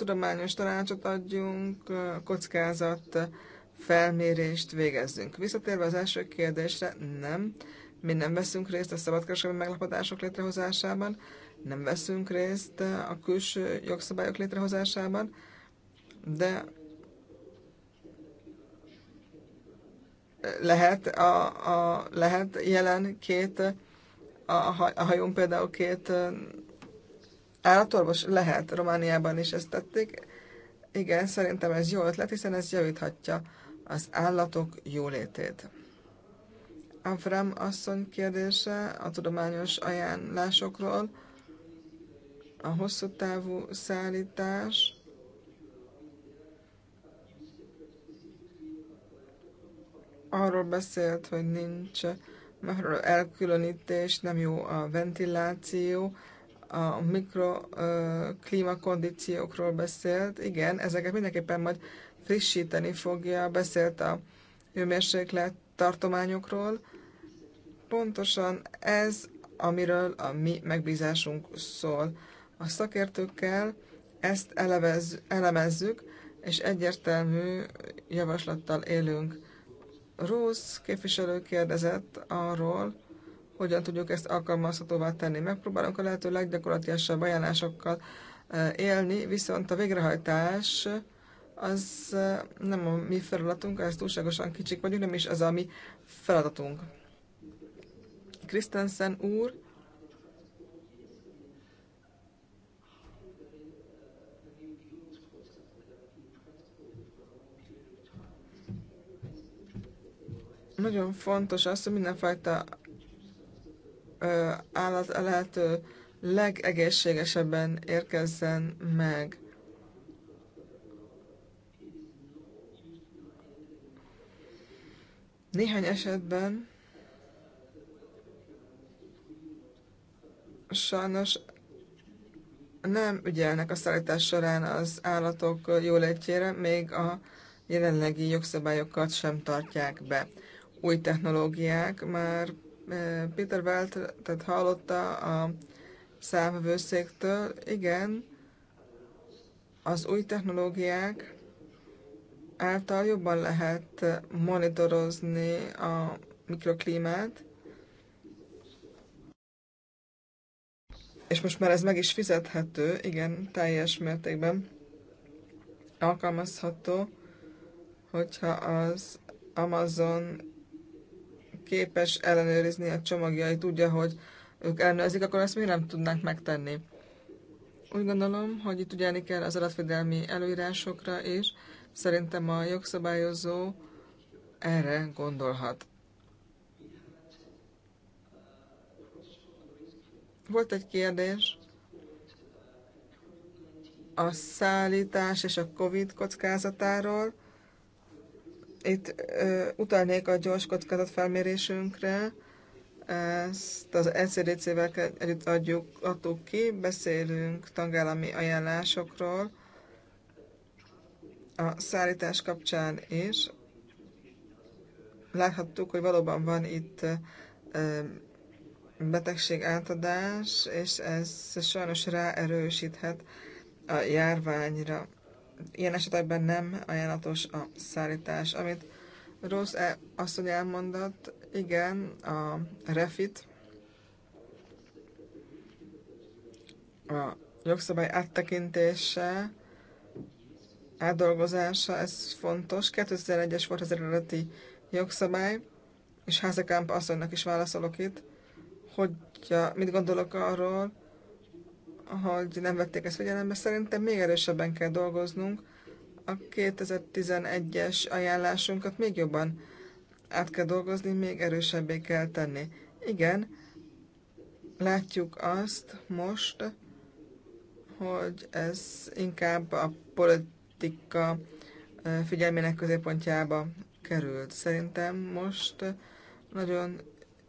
tudományos tanácsot adjunk, kockázat felmérést végezzünk. Visszatérve az első kérdésre, nem. Mi nem veszünk részt a szabadkereskedelmi meglapodások létrehozásában, nem veszünk részt a külső jogszabályok létrehozásában, de lehet, a, a, lehet jelen két, a, a hajón például két Állatorvos lehet, Romániában is ezt tették. Igen, szerintem ez jó ötlet, hiszen ez javíthatja az állatok jólétét. Avram asszony kérdése a tudományos ajánlásokról, a hosszú távú szállítás, arról beszélt, hogy nincs elkülönítés, nem jó a ventiláció, a mikroklímakondíciókról beszélt. Igen, ezeket mindenképpen majd frissíteni fogja, beszélt a hőmérséklet tartományokról. Pontosan ez, amiről a mi megbízásunk szól. A szakértőkkel ezt elevez, elemezzük, és egyértelmű javaslattal élünk. Rusz képviselő kérdezett arról, hogyan tudjuk ezt alkalmazhatóvá tenni. Megpróbálunk a lehető leggyakorlatilasabb ajánlásokkal e, élni, viszont a végrehajtás az e, nem a mi feladatunk, ez túlságosan kicsik vagyunk, nem is az a mi feladatunk. Krisztensen úr, Nagyon fontos az, hogy mindenfajta állat a lehető legegészségesebben érkezzen meg. Néhány esetben sajnos nem ügyelnek a szállítás során az állatok jólétjére, még a jelenlegi jogszabályokat sem tartják be. Új technológiák már Peter Weltet hallotta a számvevőszéktől. Igen, az új technológiák által jobban lehet monitorozni a mikroklímát, és most már ez meg is fizethető, igen, teljes mértékben alkalmazható, hogyha az Amazon képes ellenőrizni a csomagjait, tudja, hogy ők ellenőrzik, akkor ezt mi nem tudnánk megtenni. Úgy gondolom, hogy itt ugyanik kell az adatvédelmi előírásokra, és szerintem a jogszabályozó erre gondolhat. Volt egy kérdés a szállítás és a COVID kockázatáról. Itt ö, utalnék a gyors felmérésünkre, ezt az NCDC-vel együtt adjuk, adtuk ki, beszélünk tagállami ajánlásokról a szállítás kapcsán is. Láthattuk, hogy valóban van itt betegség átadás, és ez sajnos ráerősíthet a járványra ilyen esetekben nem ajánlatos a szállítás. Amit Rossz e, hogy elmondott, igen, a refit, a jogszabály áttekintése, átdolgozása, ez fontos. 2001-es volt az eredeti jogszabály, és Házekámp asszonynak is válaszolok itt, hogy mit gondolok arról, hogy nem vették ezt figyelembe. Szerintem még erősebben kell dolgoznunk. A 2011-es ajánlásunkat még jobban át kell dolgozni, még erősebbé kell tenni. Igen, látjuk azt most, hogy ez inkább a politika figyelmének középpontjába került. Szerintem most nagyon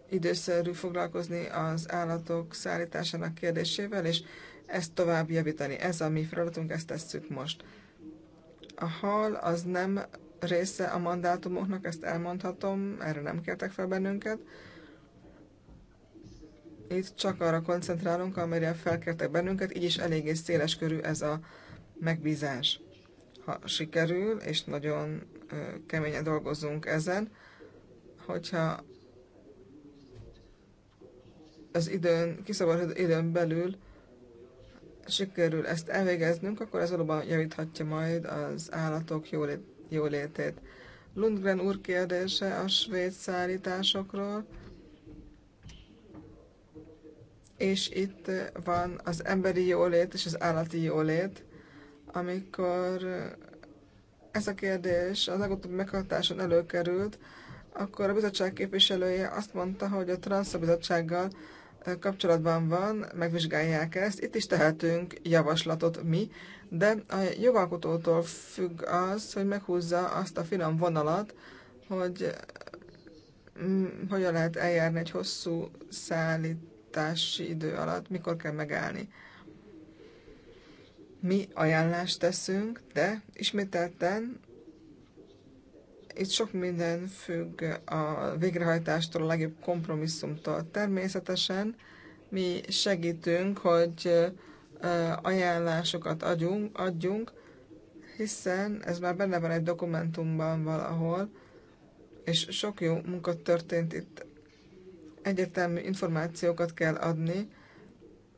időszerű foglalkozni az állatok szállításának kérdésével, és ezt tovább javítani. Ez a mi feladatunk, ezt tesszük most. A hal az nem része a mandátumoknak, ezt elmondhatom, erre nem kértek fel bennünket. Itt csak arra koncentrálunk, amire felkértek bennünket, így is eléggé széles körű ez a megbízás. Ha sikerül, és nagyon keményen dolgozunk ezen, hogyha az időn, kiszabadult időn belül sikerül ezt elvégeznünk, akkor ez valóban javíthatja majd az állatok jólétét. Lundgren úr kérdése a svéd szállításokról, és itt van az emberi jólét és az állati jólét, amikor ez a kérdés az legutóbbi meghatáson előkerült, akkor a bizottság képviselője azt mondta, hogy a transzabizottsággal bizottsággal kapcsolatban van, megvizsgálják ezt. Itt is tehetünk javaslatot mi, de a jogalkotótól függ az, hogy meghúzza azt a finom vonalat, hogy mm, hogyan lehet eljárni egy hosszú szállítási idő alatt, mikor kell megállni. Mi ajánlást teszünk, de ismételten itt sok minden függ a végrehajtástól, a legjobb kompromisszumtól. Természetesen mi segítünk, hogy ajánlásokat adjunk, adjunk, hiszen ez már benne van egy dokumentumban valahol, és sok jó munka történt itt. Egyetemű információkat kell adni,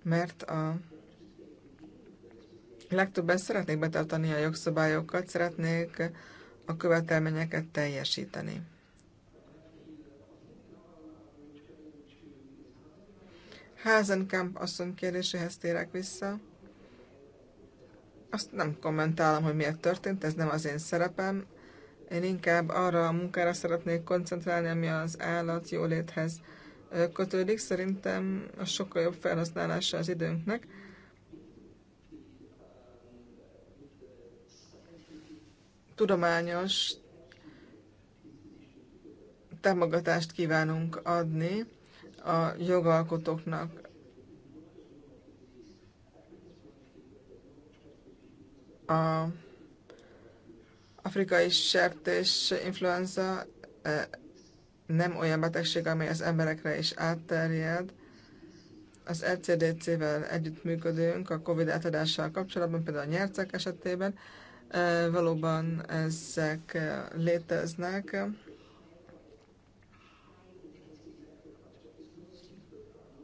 mert a legtöbben szeretnék betartani a jogszabályokat, szeretnék a követelményeket teljesíteni. Házenkamp asszony kérdéséhez térek vissza. Azt nem kommentálom, hogy miért történt, ez nem az én szerepem. Én inkább arra a munkára szeretnék koncentrálni, ami az állat jóléthez kötődik. Szerintem a sokkal jobb felhasználása az időnknek tudományos támogatást kívánunk adni a jogalkotóknak. A afrikai sertés influenza eh, nem olyan betegség, amely az emberekre is átterjed. Az ECDC-vel együttműködünk a COVID átadással kapcsolatban, például a nyercek esetében, valóban ezek léteznek.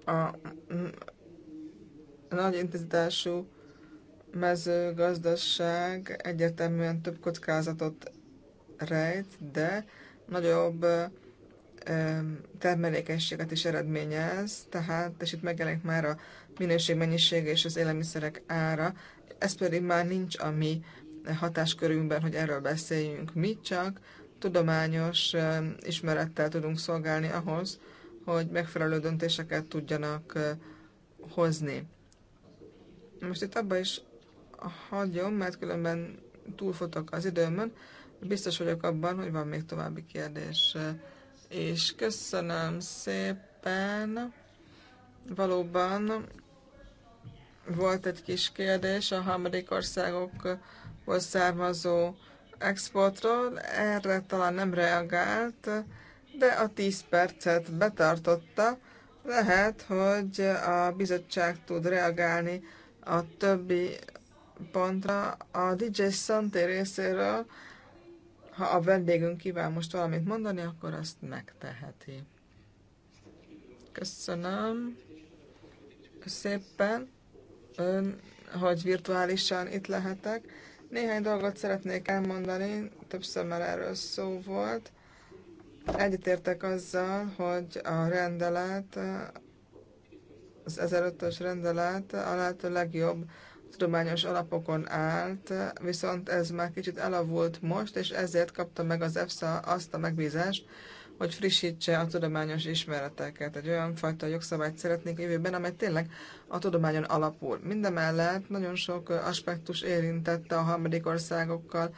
A mm, nagy intenzitású mezőgazdaság egyértelműen több kockázatot rejt, de nagyobb termelékenységet is eredményez, tehát, és itt megjelenik már a minőség, mennyiség és az élelmiszerek ára, ez pedig már nincs a mi hatáskörünkben, hogy erről beszéljünk. Mi csak tudományos ismerettel tudunk szolgálni ahhoz, hogy megfelelő döntéseket tudjanak hozni. Most itt abba is hagyom, mert különben túlfutok az időmön. Biztos vagyok abban, hogy van még további kérdés. És köszönöm szépen. Valóban volt egy kis kérdés a harmadik országok országból származó exportról, erre talán nem reagált, de a 10 percet betartotta. Lehet, hogy a bizottság tud reagálni a többi pontra. A DJ Santé részéről, ha a vendégünk kíván most valamit mondani, akkor azt megteheti. Köszönöm szépen, ön, hogy virtuálisan itt lehetek néhány dolgot szeretnék elmondani, többször már erről szó volt. Egyetértek azzal, hogy a rendelet, az 1005-ös rendelet a lehető legjobb tudományos alapokon állt, viszont ez már kicsit elavult most, és ezért kapta meg az EFSA azt a megbízást, hogy frissítse a tudományos ismereteket. Egy olyan fajta jogszabályt szeretnénk jövőben, amely tényleg a tudományon alapul. Mindemellett nagyon sok aspektus érintette a harmadik országokkal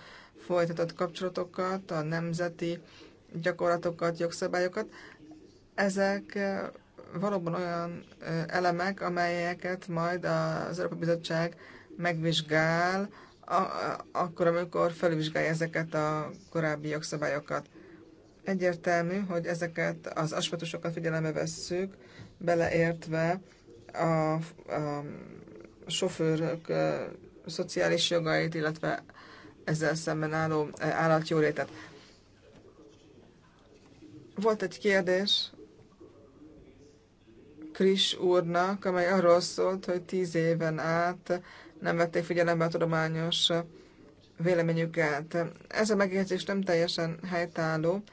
folytatott kapcsolatokat, a nemzeti gyakorlatokat, jogszabályokat. Ezek eh, valóban olyan eh, elemek, amelyeket majd az Európai Bizottság megvizsgál, akkor, amikor felvizsgálja ezeket a korábbi jogszabályokat. Egyértelmű, hogy ezeket az aspektusokat figyelembe vesszük, beleértve a, a sofőrök a szociális jogait, illetve ezzel szemben álló állatjólétet. Volt egy kérdés Kris úrnak, amely arról szólt, hogy tíz éven át nem vették figyelembe a tudományos véleményüket. Ez a megjegyzés nem teljesen helytálló.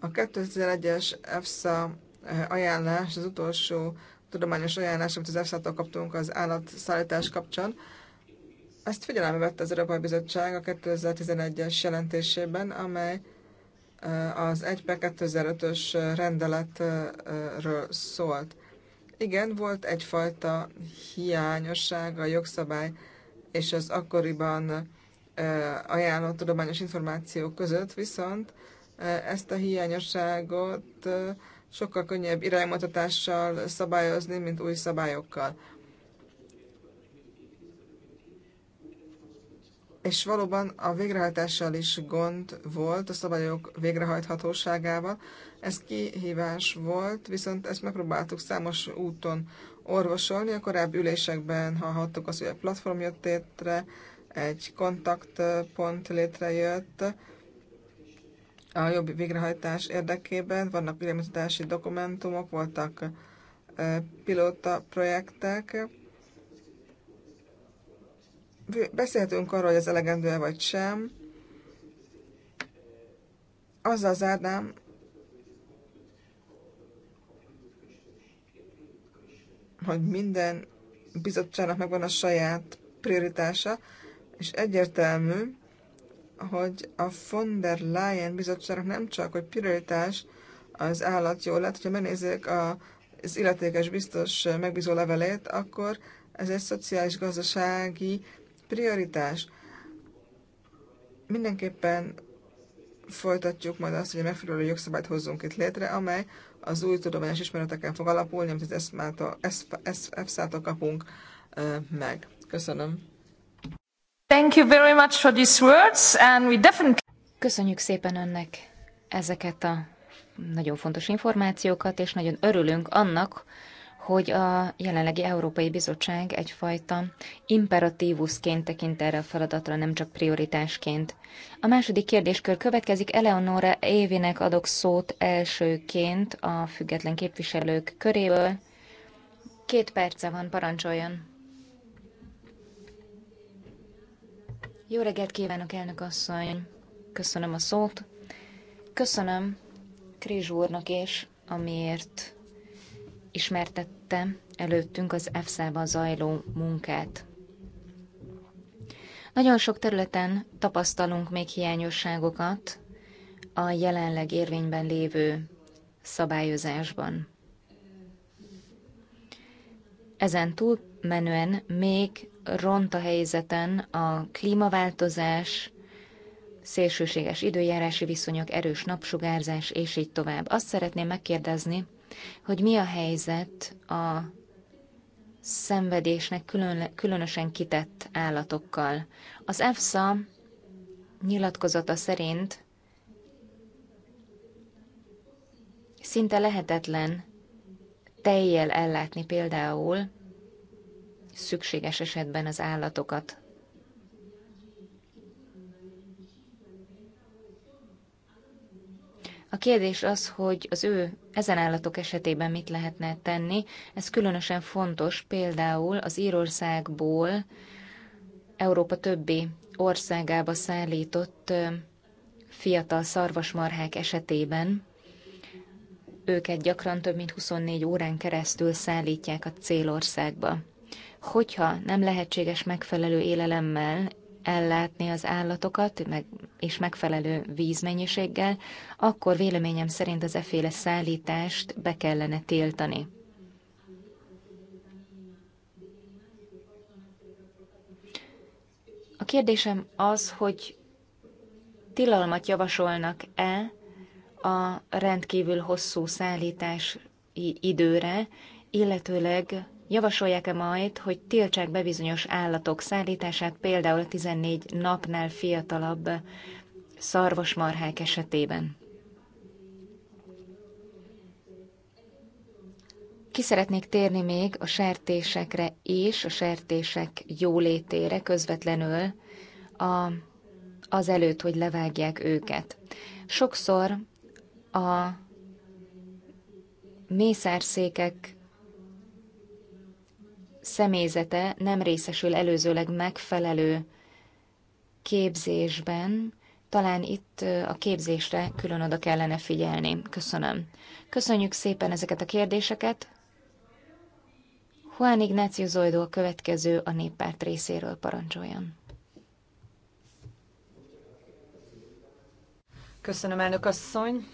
A 2001-es EFSA eh, ajánlás, az utolsó tudományos ajánlás, amit az EFSA-tól kaptunk az állatszállítás kapcsán, ezt figyelembe vette az Európai Bizottság a 2011-es jelentésében, amely eh, az 1 2005-ös rendeletről szólt. Igen, volt egyfajta hiányosság a jogszabály és az akkoriban eh, ajánlott tudományos információ között, viszont E, ezt a hiányosságot e, sokkal könnyebb iránymutatással szabályozni, mint új szabályokkal. És valóban a végrehajtással is gond volt, a szabályok végrehajthatóságával. Ez kihívás volt, viszont ezt megpróbáltuk számos úton orvosolni. A korábbi ülésekben hallhattuk azt, hogy a platform jött létre, egy kontaktpont létrejött, a jobb végrehajtás érdekében. Vannak irányítási dokumentumok, voltak pilóta projektek. Beszélhetünk arról, hogy ez elegendő-e vagy sem. Azzal zárnám, hogy minden bizottságnak megvan a saját prioritása, és egyértelmű, hogy a von der Leyen bizottságnak nem csak, hogy prioritás az állat jól lett, hogyha megnézzük a, az illetékes biztos megbízó levelét, akkor ez egy szociális-gazdasági prioritás. Mindenképpen folytatjuk majd azt, hogy a megfelelő jogszabályt hozzunk itt létre, amely az új tudományos ismereteken fog alapulni, amit az EFSA-tól kapunk meg. Köszönöm. Thank you very much for these words, and we definitely... Köszönjük szépen önnek ezeket a nagyon fontos információkat, és nagyon örülünk annak, hogy a jelenlegi Európai Bizottság egyfajta imperatívusként tekint erre a feladatra, nem csak prioritásként. A második kérdéskör következik. Eleonora Évinek adok szót elsőként a független képviselők köréből. Két perce van, parancsoljon. Jó reggelt kívánok, elnök asszony! Köszönöm a szót. Köszönöm Krizs úrnak is, amiért ismertette előttünk az EFSA-ban zajló munkát. Nagyon sok területen tapasztalunk még hiányosságokat a jelenleg érvényben lévő szabályozásban. Ezen túl menően még ront a helyzeten a klímaváltozás, szélsőséges időjárási viszonyok, erős napsugárzás, és így tovább. Azt szeretném megkérdezni, hogy mi a helyzet a szenvedésnek külön, különösen kitett állatokkal. Az EFSA nyilatkozata szerint szinte lehetetlen tejjel ellátni például szükséges esetben az állatokat. A kérdés az, hogy az ő ezen állatok esetében mit lehetne tenni. Ez különösen fontos például az Írországból Európa többi országába szállított fiatal szarvasmarhák esetében. Őket gyakran több mint 24 órán keresztül szállítják a célországba hogyha nem lehetséges megfelelő élelemmel ellátni az állatokat, meg, és megfelelő vízmennyiséggel, akkor véleményem szerint az eféle szállítást be kellene tiltani. A kérdésem az, hogy tilalmat javasolnak-e a rendkívül hosszú szállítás időre, illetőleg Javasolják-e majd, hogy tiltsák be bizonyos állatok szállítását, például 14 napnál fiatalabb szarvasmarhák esetében? Ki szeretnék térni még a sertésekre és a sertések jólétére közvetlenül a, az előtt, hogy levágják őket. Sokszor a mészárszékek személyzete nem részesül előzőleg megfelelő képzésben, talán itt a képzésre külön oda kellene figyelni. Köszönöm. Köszönjük szépen ezeket a kérdéseket. Juan Ignácio Zoidó a következő a néppárt részéről parancsoljon. Köszönöm, elnök asszony.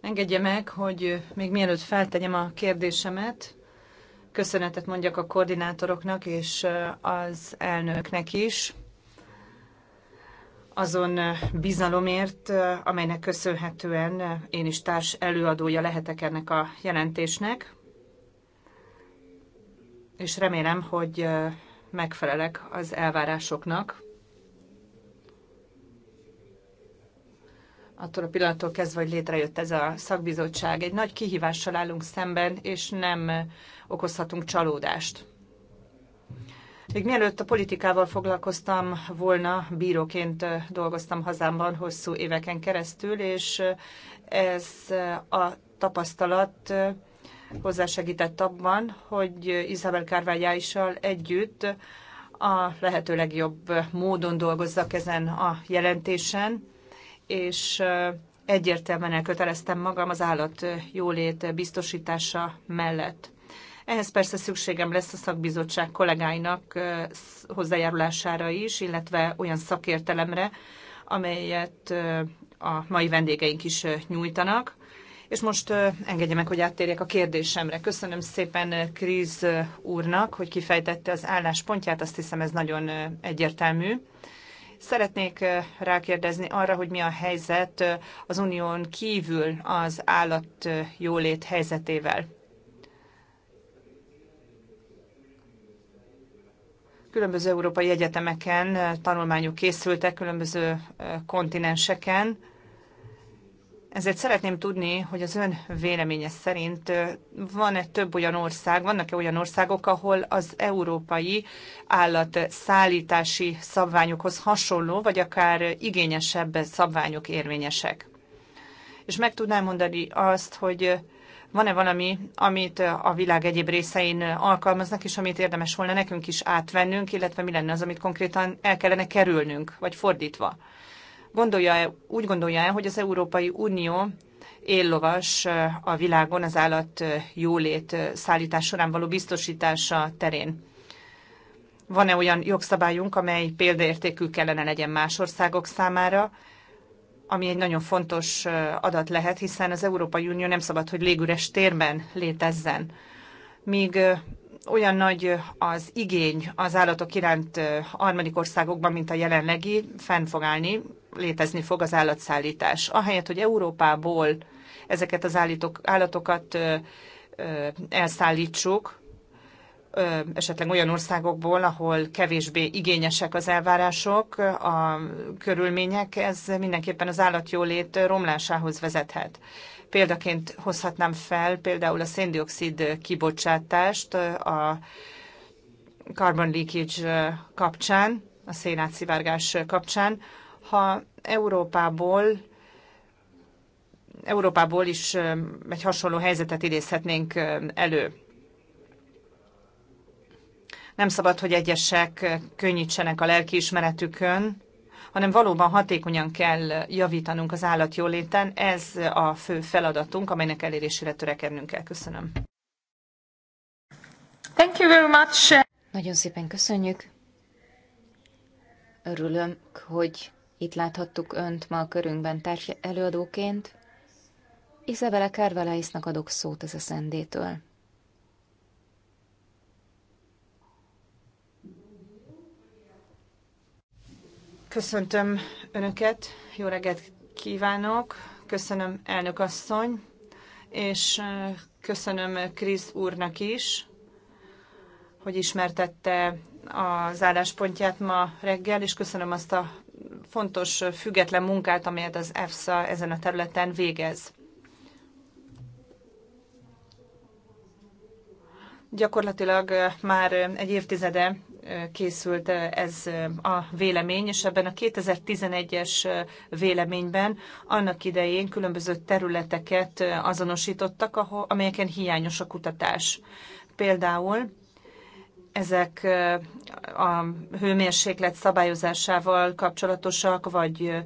Engedje meg, hogy még mielőtt feltegyem a kérdésemet, köszönetet mondjak a koordinátoroknak és az elnöknek is azon bizalomért, amelynek köszönhetően én is társ előadója lehetek ennek a jelentésnek, és remélem, hogy megfelelek az elvárásoknak, attól a pillanattól kezdve, hogy létrejött ez a szakbizottság. Egy nagy kihívással állunk szemben, és nem okozhatunk csalódást. Még mielőtt a politikával foglalkoztam volna, bíróként dolgoztam hazámban hosszú éveken keresztül, és ez a tapasztalat hozzásegített abban, hogy Isabel Kárvályáissal együtt a lehető legjobb módon dolgozzak ezen a jelentésen és egyértelműen elköteleztem magam az állat jólét biztosítása mellett. Ehhez persze szükségem lesz a szakbizottság kollégáinak hozzájárulására is, illetve olyan szakértelemre, amelyet a mai vendégeink is nyújtanak. És most engedje meg, hogy áttérjek a kérdésemre. Köszönöm szépen Kriz úrnak, hogy kifejtette az álláspontját, azt hiszem ez nagyon egyértelmű. Szeretnék rákérdezni arra, hogy mi a helyzet az unión kívül az állatjólét helyzetével. Különböző európai egyetemeken tanulmányok készültek, különböző kontinenseken ezért szeretném tudni, hogy az ön véleménye szerint van-e több olyan ország, vannak-e olyan országok, ahol az európai állatszállítási szabványokhoz hasonló, vagy akár igényesebb szabványok érvényesek? És meg tudnám mondani azt, hogy van-e valami, amit a világ egyéb részein alkalmaznak, és amit érdemes volna nekünk is átvennünk, illetve mi lenne az, amit konkrétan el kellene kerülnünk, vagy fordítva? gondolja -e, úgy gondolja el, hogy az Európai Unió éllovas a világon az állat jólét szállítás során való biztosítása terén? Van-e olyan jogszabályunk, amely példaértékű kellene legyen más országok számára, ami egy nagyon fontos adat lehet, hiszen az Európai Unió nem szabad, hogy légüres térben létezzen. Míg olyan nagy az igény az állatok iránt harmadik országokban, mint a jelenlegi, fenn fog állni, létezni fog az állatszállítás. Ahelyett, hogy Európából ezeket az állítok, állatokat elszállítsuk, esetleg olyan országokból, ahol kevésbé igényesek az elvárások, a körülmények, ez mindenképpen az állatjólét romlásához vezethet. Példaként hozhatnám fel például a széndiokszid kibocsátást a carbon leakage kapcsán, a szénátszivárgás kapcsán, ha Európából Európából is egy hasonló helyzetet idézhetnénk elő. Nem szabad, hogy egyesek könnyítsenek a lelkiismeretükön, hanem valóban hatékonyan kell javítanunk az állatjóléten. Ez a fő feladatunk, amelynek elérésére törekednünk kell. Köszönöm. Thank you very much. Nagyon szépen köszönjük. Örülöm, hogy itt láthattuk önt ma a körünkben társ előadóként. Isabella Kárvalaisznak adok szót a szendétől. Köszöntöm Önöket, jó reggelt kívánok, köszönöm elnök asszony, és köszönöm Krisz úrnak is, hogy ismertette az álláspontját ma reggel, és köszönöm azt a fontos független munkát, amelyet az EFSA ezen a területen végez. Gyakorlatilag eh, már egy évtizede eh, készült eh, ez a vélemény, és ebben a 2011-es véleményben annak idején különböző területeket azonosítottak, amelyeken hiányos a kutatás. Például ezek a hőmérséklet szabályozásával kapcsolatosak, vagy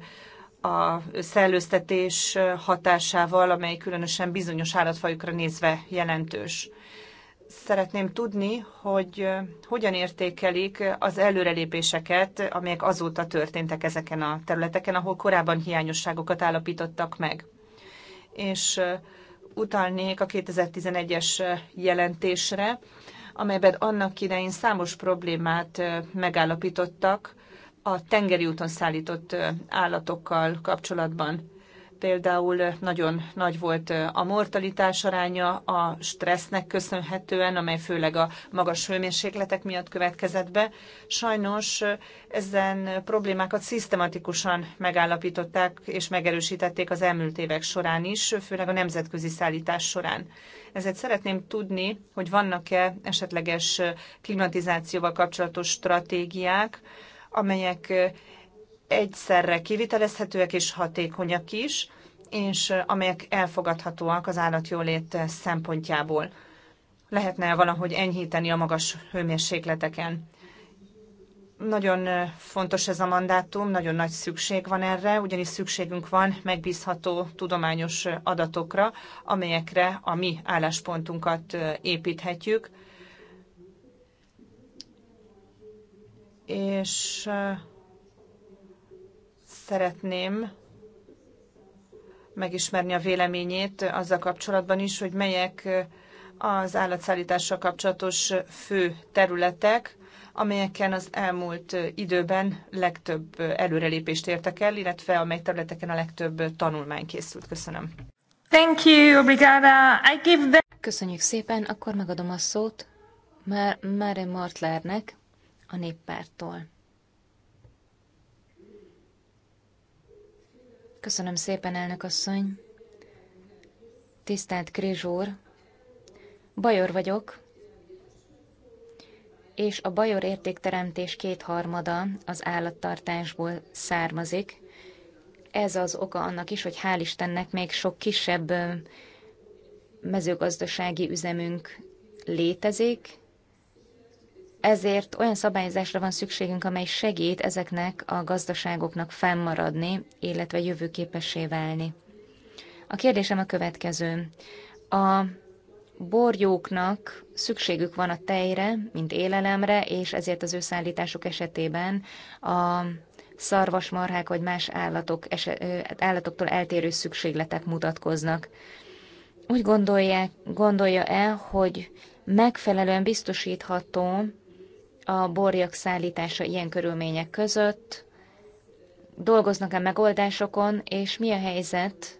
a szellőztetés hatásával, amely különösen bizonyos állatfajokra nézve jelentős. Szeretném tudni, hogy hogyan értékelik az előrelépéseket, amelyek azóta történtek ezeken a területeken, ahol korábban hiányosságokat állapítottak meg. És utalnék a 2011-es jelentésre, amelyben annak idején számos problémát megállapítottak a tengeri úton szállított állatokkal kapcsolatban például nagyon nagy volt a mortalitás aránya a stressznek köszönhetően, amely főleg a magas hőmérsékletek miatt következett be. Sajnos ezen problémákat szisztematikusan megállapították és megerősítették az elmúlt évek során is, főleg a nemzetközi szállítás során. Ezért szeretném tudni, hogy vannak-e esetleges klimatizációval kapcsolatos stratégiák, amelyek egyszerre kivitelezhetőek és hatékonyak is, és amelyek elfogadhatóak az állatjólét szempontjából. Lehetne valahogy enyhíteni a magas hőmérsékleteken. Nagyon fontos ez a mandátum, nagyon nagy szükség van erre, ugyanis szükségünk van megbízható tudományos adatokra, amelyekre a mi álláspontunkat építhetjük. És szeretném megismerni a véleményét azzal kapcsolatban is, hogy melyek az állatszállítással kapcsolatos fő területek, amelyeken az elmúlt időben legtöbb előrelépést értek el, illetve amely területeken a legtöbb tanulmány készült. Köszönöm. Thank you, obrigada. I give the... Köszönjük szépen, akkor megadom a szót már Mare Martlernek a néppártól. Köszönöm szépen, elnök asszony. Tisztelt Krizsúr, Bajor vagyok, és a Bajor értékteremtés kétharmada az állattartásból származik. Ez az oka annak is, hogy hál' Istennek még sok kisebb mezőgazdasági üzemünk létezik, ezért olyan szabályozásra van szükségünk, amely segít ezeknek a gazdaságoknak fennmaradni, illetve jövőképessé válni. A kérdésem a következő. A borjóknak szükségük van a tejre, mint élelemre, és ezért az ő szállításuk esetében a szarvasmarhák vagy más állatok állatoktól eltérő szükségletek mutatkoznak. Úgy gondolja e hogy megfelelően biztosítható a borjak szállítása ilyen körülmények között, dolgoznak-e megoldásokon, és mi a helyzet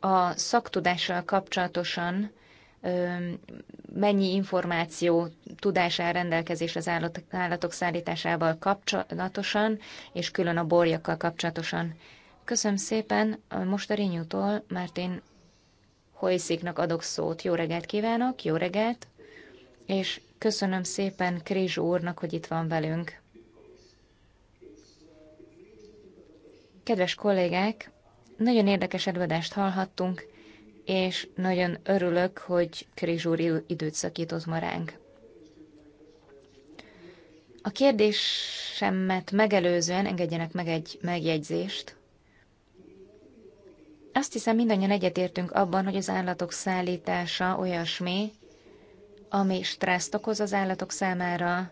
a szaktudással kapcsolatosan, mennyi információ tudás áll rendelkezés az állatok szállításával kapcsolatosan, és külön a borjakkal kapcsolatosan. Köszönöm szépen, most a mert Mártin Hojsziknak adok szót. Jó reggelt kívánok, jó reggelt! és köszönöm szépen Krézs úrnak, hogy itt van velünk. Kedves kollégák, nagyon érdekes előadást hallhattunk, és nagyon örülök, hogy Krézs úr időt szakított ma ránk. A kérdésemet megelőzően engedjenek meg egy megjegyzést. Azt hiszem mindannyian egyetértünk abban, hogy az állatok szállítása olyasmi, ami stresszt okoz az állatok számára,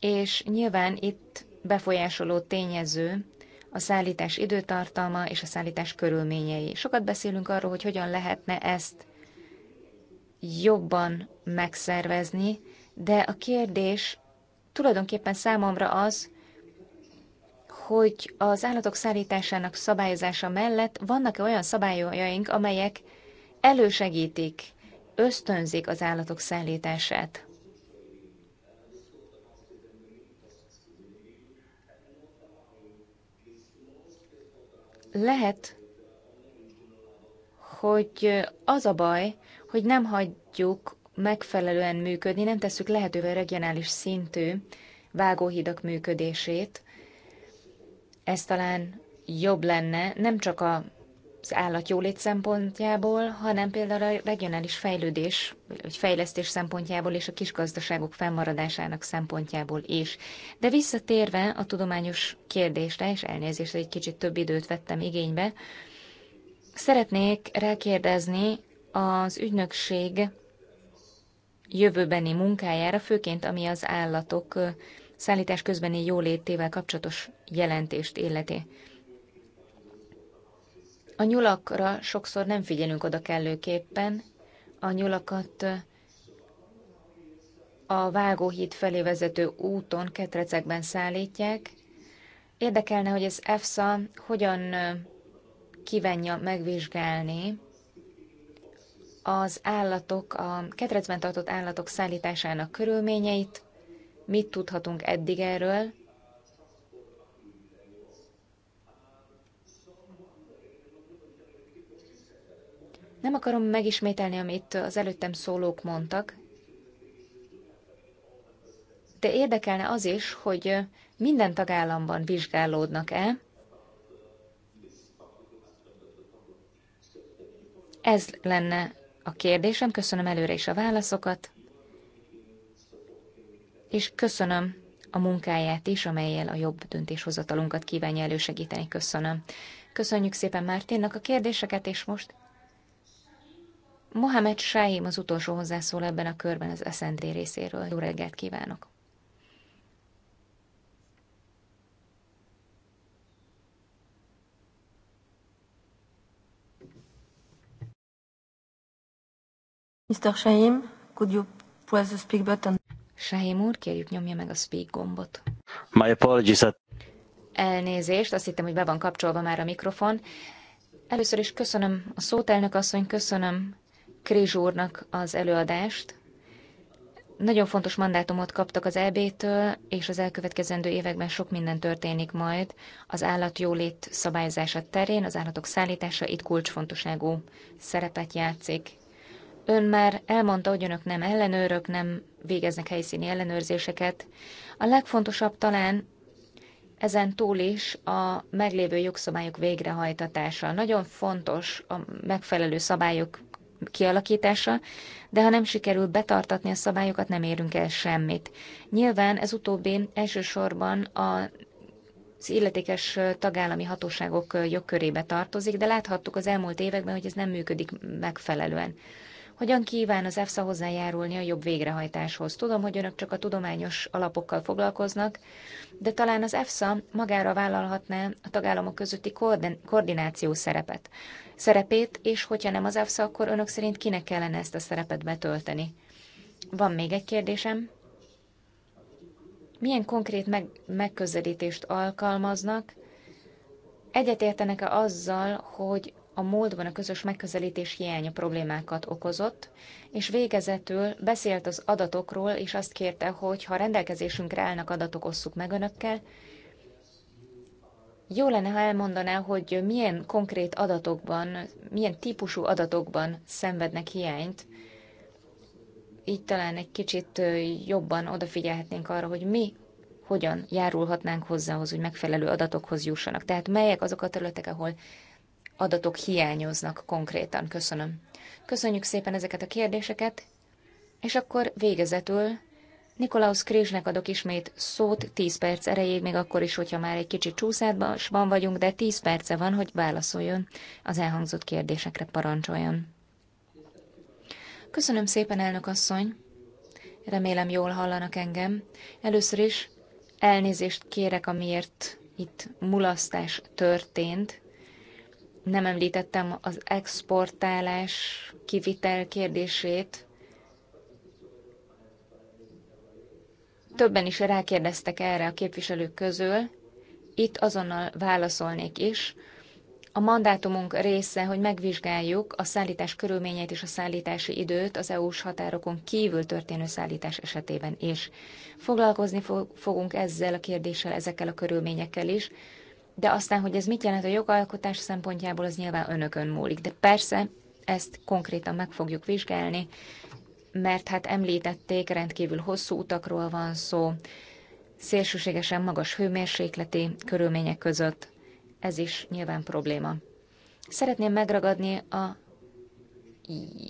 és nyilván itt befolyásoló tényező a szállítás időtartalma és a szállítás körülményei. Sokat beszélünk arról, hogy hogyan lehetne ezt jobban megszervezni, de a kérdés tulajdonképpen számomra az, hogy az állatok szállításának szabályozása mellett vannak-e olyan szabályaink, amelyek elősegítik, ösztönzik az állatok szállítását. Lehet, hogy az a baj, hogy nem hagyjuk megfelelően működni, nem tesszük lehetővé regionális szintű vágóhidak működését. Ez talán jobb lenne, nem csak a az állatjólét szempontjából, hanem például a regionális fejlődés, vagy fejlesztés szempontjából és a kisgazdaságok fennmaradásának szempontjából is. De visszatérve a tudományos kérdésre, és elnézést, hogy egy kicsit több időt vettem igénybe, szeretnék rákérdezni az ügynökség jövőbeni munkájára, főként ami az állatok szállítás közbeni jólétével kapcsolatos jelentést illeti. A nyulakra sokszor nem figyelünk oda kellőképpen. A nyulakat a Vágóhíd felé vezető úton ketrecekben szállítják. Érdekelne, hogy az EFSA hogyan kívánja megvizsgálni az állatok, a ketrecben tartott állatok szállításának körülményeit, mit tudhatunk eddig erről, Nem akarom megismételni, amit az előttem szólók mondtak, de érdekelne az is, hogy minden tagállamban vizsgálódnak-e. Ez lenne a kérdésem. Köszönöm előre is a válaszokat, és köszönöm a munkáját is, amelyel a jobb döntéshozatalunkat kívánja elősegíteni. Köszönöm. Köszönjük szépen Márténnak a kérdéseket, és most Mohamed Sáim az utolsó hozzászól ebben a körben az SZND részéről. Jó reggelt kívánok! Mr. Shaim, could you press the speak button? Shaim úr, kérjük nyomja meg a speak gombot. My apologies. Elnézést, azt hittem, hogy be van kapcsolva már a mikrofon. Először is köszönöm a szót, elnök asszony, köszönöm Krizs úrnak az előadást. Nagyon fontos mandátumot kaptak az EB-től, és az elkövetkezendő években sok minden történik majd az állatjólét szabályozása terén, az állatok szállítása itt kulcsfontosságú szerepet játszik. Ön már elmondta, hogy önök nem ellenőrök, nem végeznek helyszíni ellenőrzéseket. A legfontosabb talán ezen túl is a meglévő jogszabályok végrehajtatása. Nagyon fontos a megfelelő szabályok kialakítása, de ha nem sikerül betartatni a szabályokat, nem érünk el semmit. Nyilván ez utóbbi elsősorban a az illetékes tagállami hatóságok jogkörébe tartozik, de láthattuk az elmúlt években, hogy ez nem működik megfelelően. Hogyan kíván az EFSA hozzájárulni a jobb végrehajtáshoz? Tudom, hogy önök csak a tudományos alapokkal foglalkoznak, de talán az EFSA magára vállalhatná a tagállamok közötti koordináció szerepet. szerepét, és hogyha nem az EFSA, akkor önök szerint kinek kellene ezt a szerepet betölteni? Van még egy kérdésem. Milyen konkrét meg- megközelítést alkalmaznak? Egyetértenek-e azzal, hogy a múltban a közös megközelítés hiánya problémákat okozott, és végezetül beszélt az adatokról, és azt kérte, hogy ha rendelkezésünkre állnak adatok, osszuk meg önökkel. Jó lenne, ha elmondaná, hogy milyen konkrét adatokban, milyen típusú adatokban szenvednek hiányt, így talán egy kicsit jobban odafigyelhetnénk arra, hogy mi hogyan járulhatnánk hozzához, hogy megfelelő adatokhoz jussanak. Tehát melyek azok a területek, ahol adatok hiányoznak konkrétan. Köszönöm. Köszönjük szépen ezeket a kérdéseket, és akkor végezetül Nikolaus Krizsnek adok ismét szót 10 perc erejéig, még akkor is, hogyha már egy kicsit csúszásban vagyunk, de 10 perce van, hogy válaszoljon az elhangzott kérdésekre, parancsoljon. Köszönöm szépen, elnök asszony. Remélem jól hallanak engem. Először is elnézést kérek, amiért itt mulasztás történt nem említettem az exportálás, kivitel kérdését. Többen is rákérdeztek erre a képviselők közül. Itt azonnal válaszolnék is. A mandátumunk része, hogy megvizsgáljuk a szállítás körülményeit és a szállítási időt az EU-s határokon kívül történő szállítás esetében is. Foglalkozni fogunk ezzel a kérdéssel, ezekkel a körülményekkel is, de aztán, hogy ez mit jelent a jogalkotás szempontjából, az nyilván önökön múlik. De persze ezt konkrétan meg fogjuk vizsgálni, mert hát említették, rendkívül hosszú utakról van szó, szélsőségesen magas hőmérsékleti körülmények között, ez is nyilván probléma. Szeretném megragadni a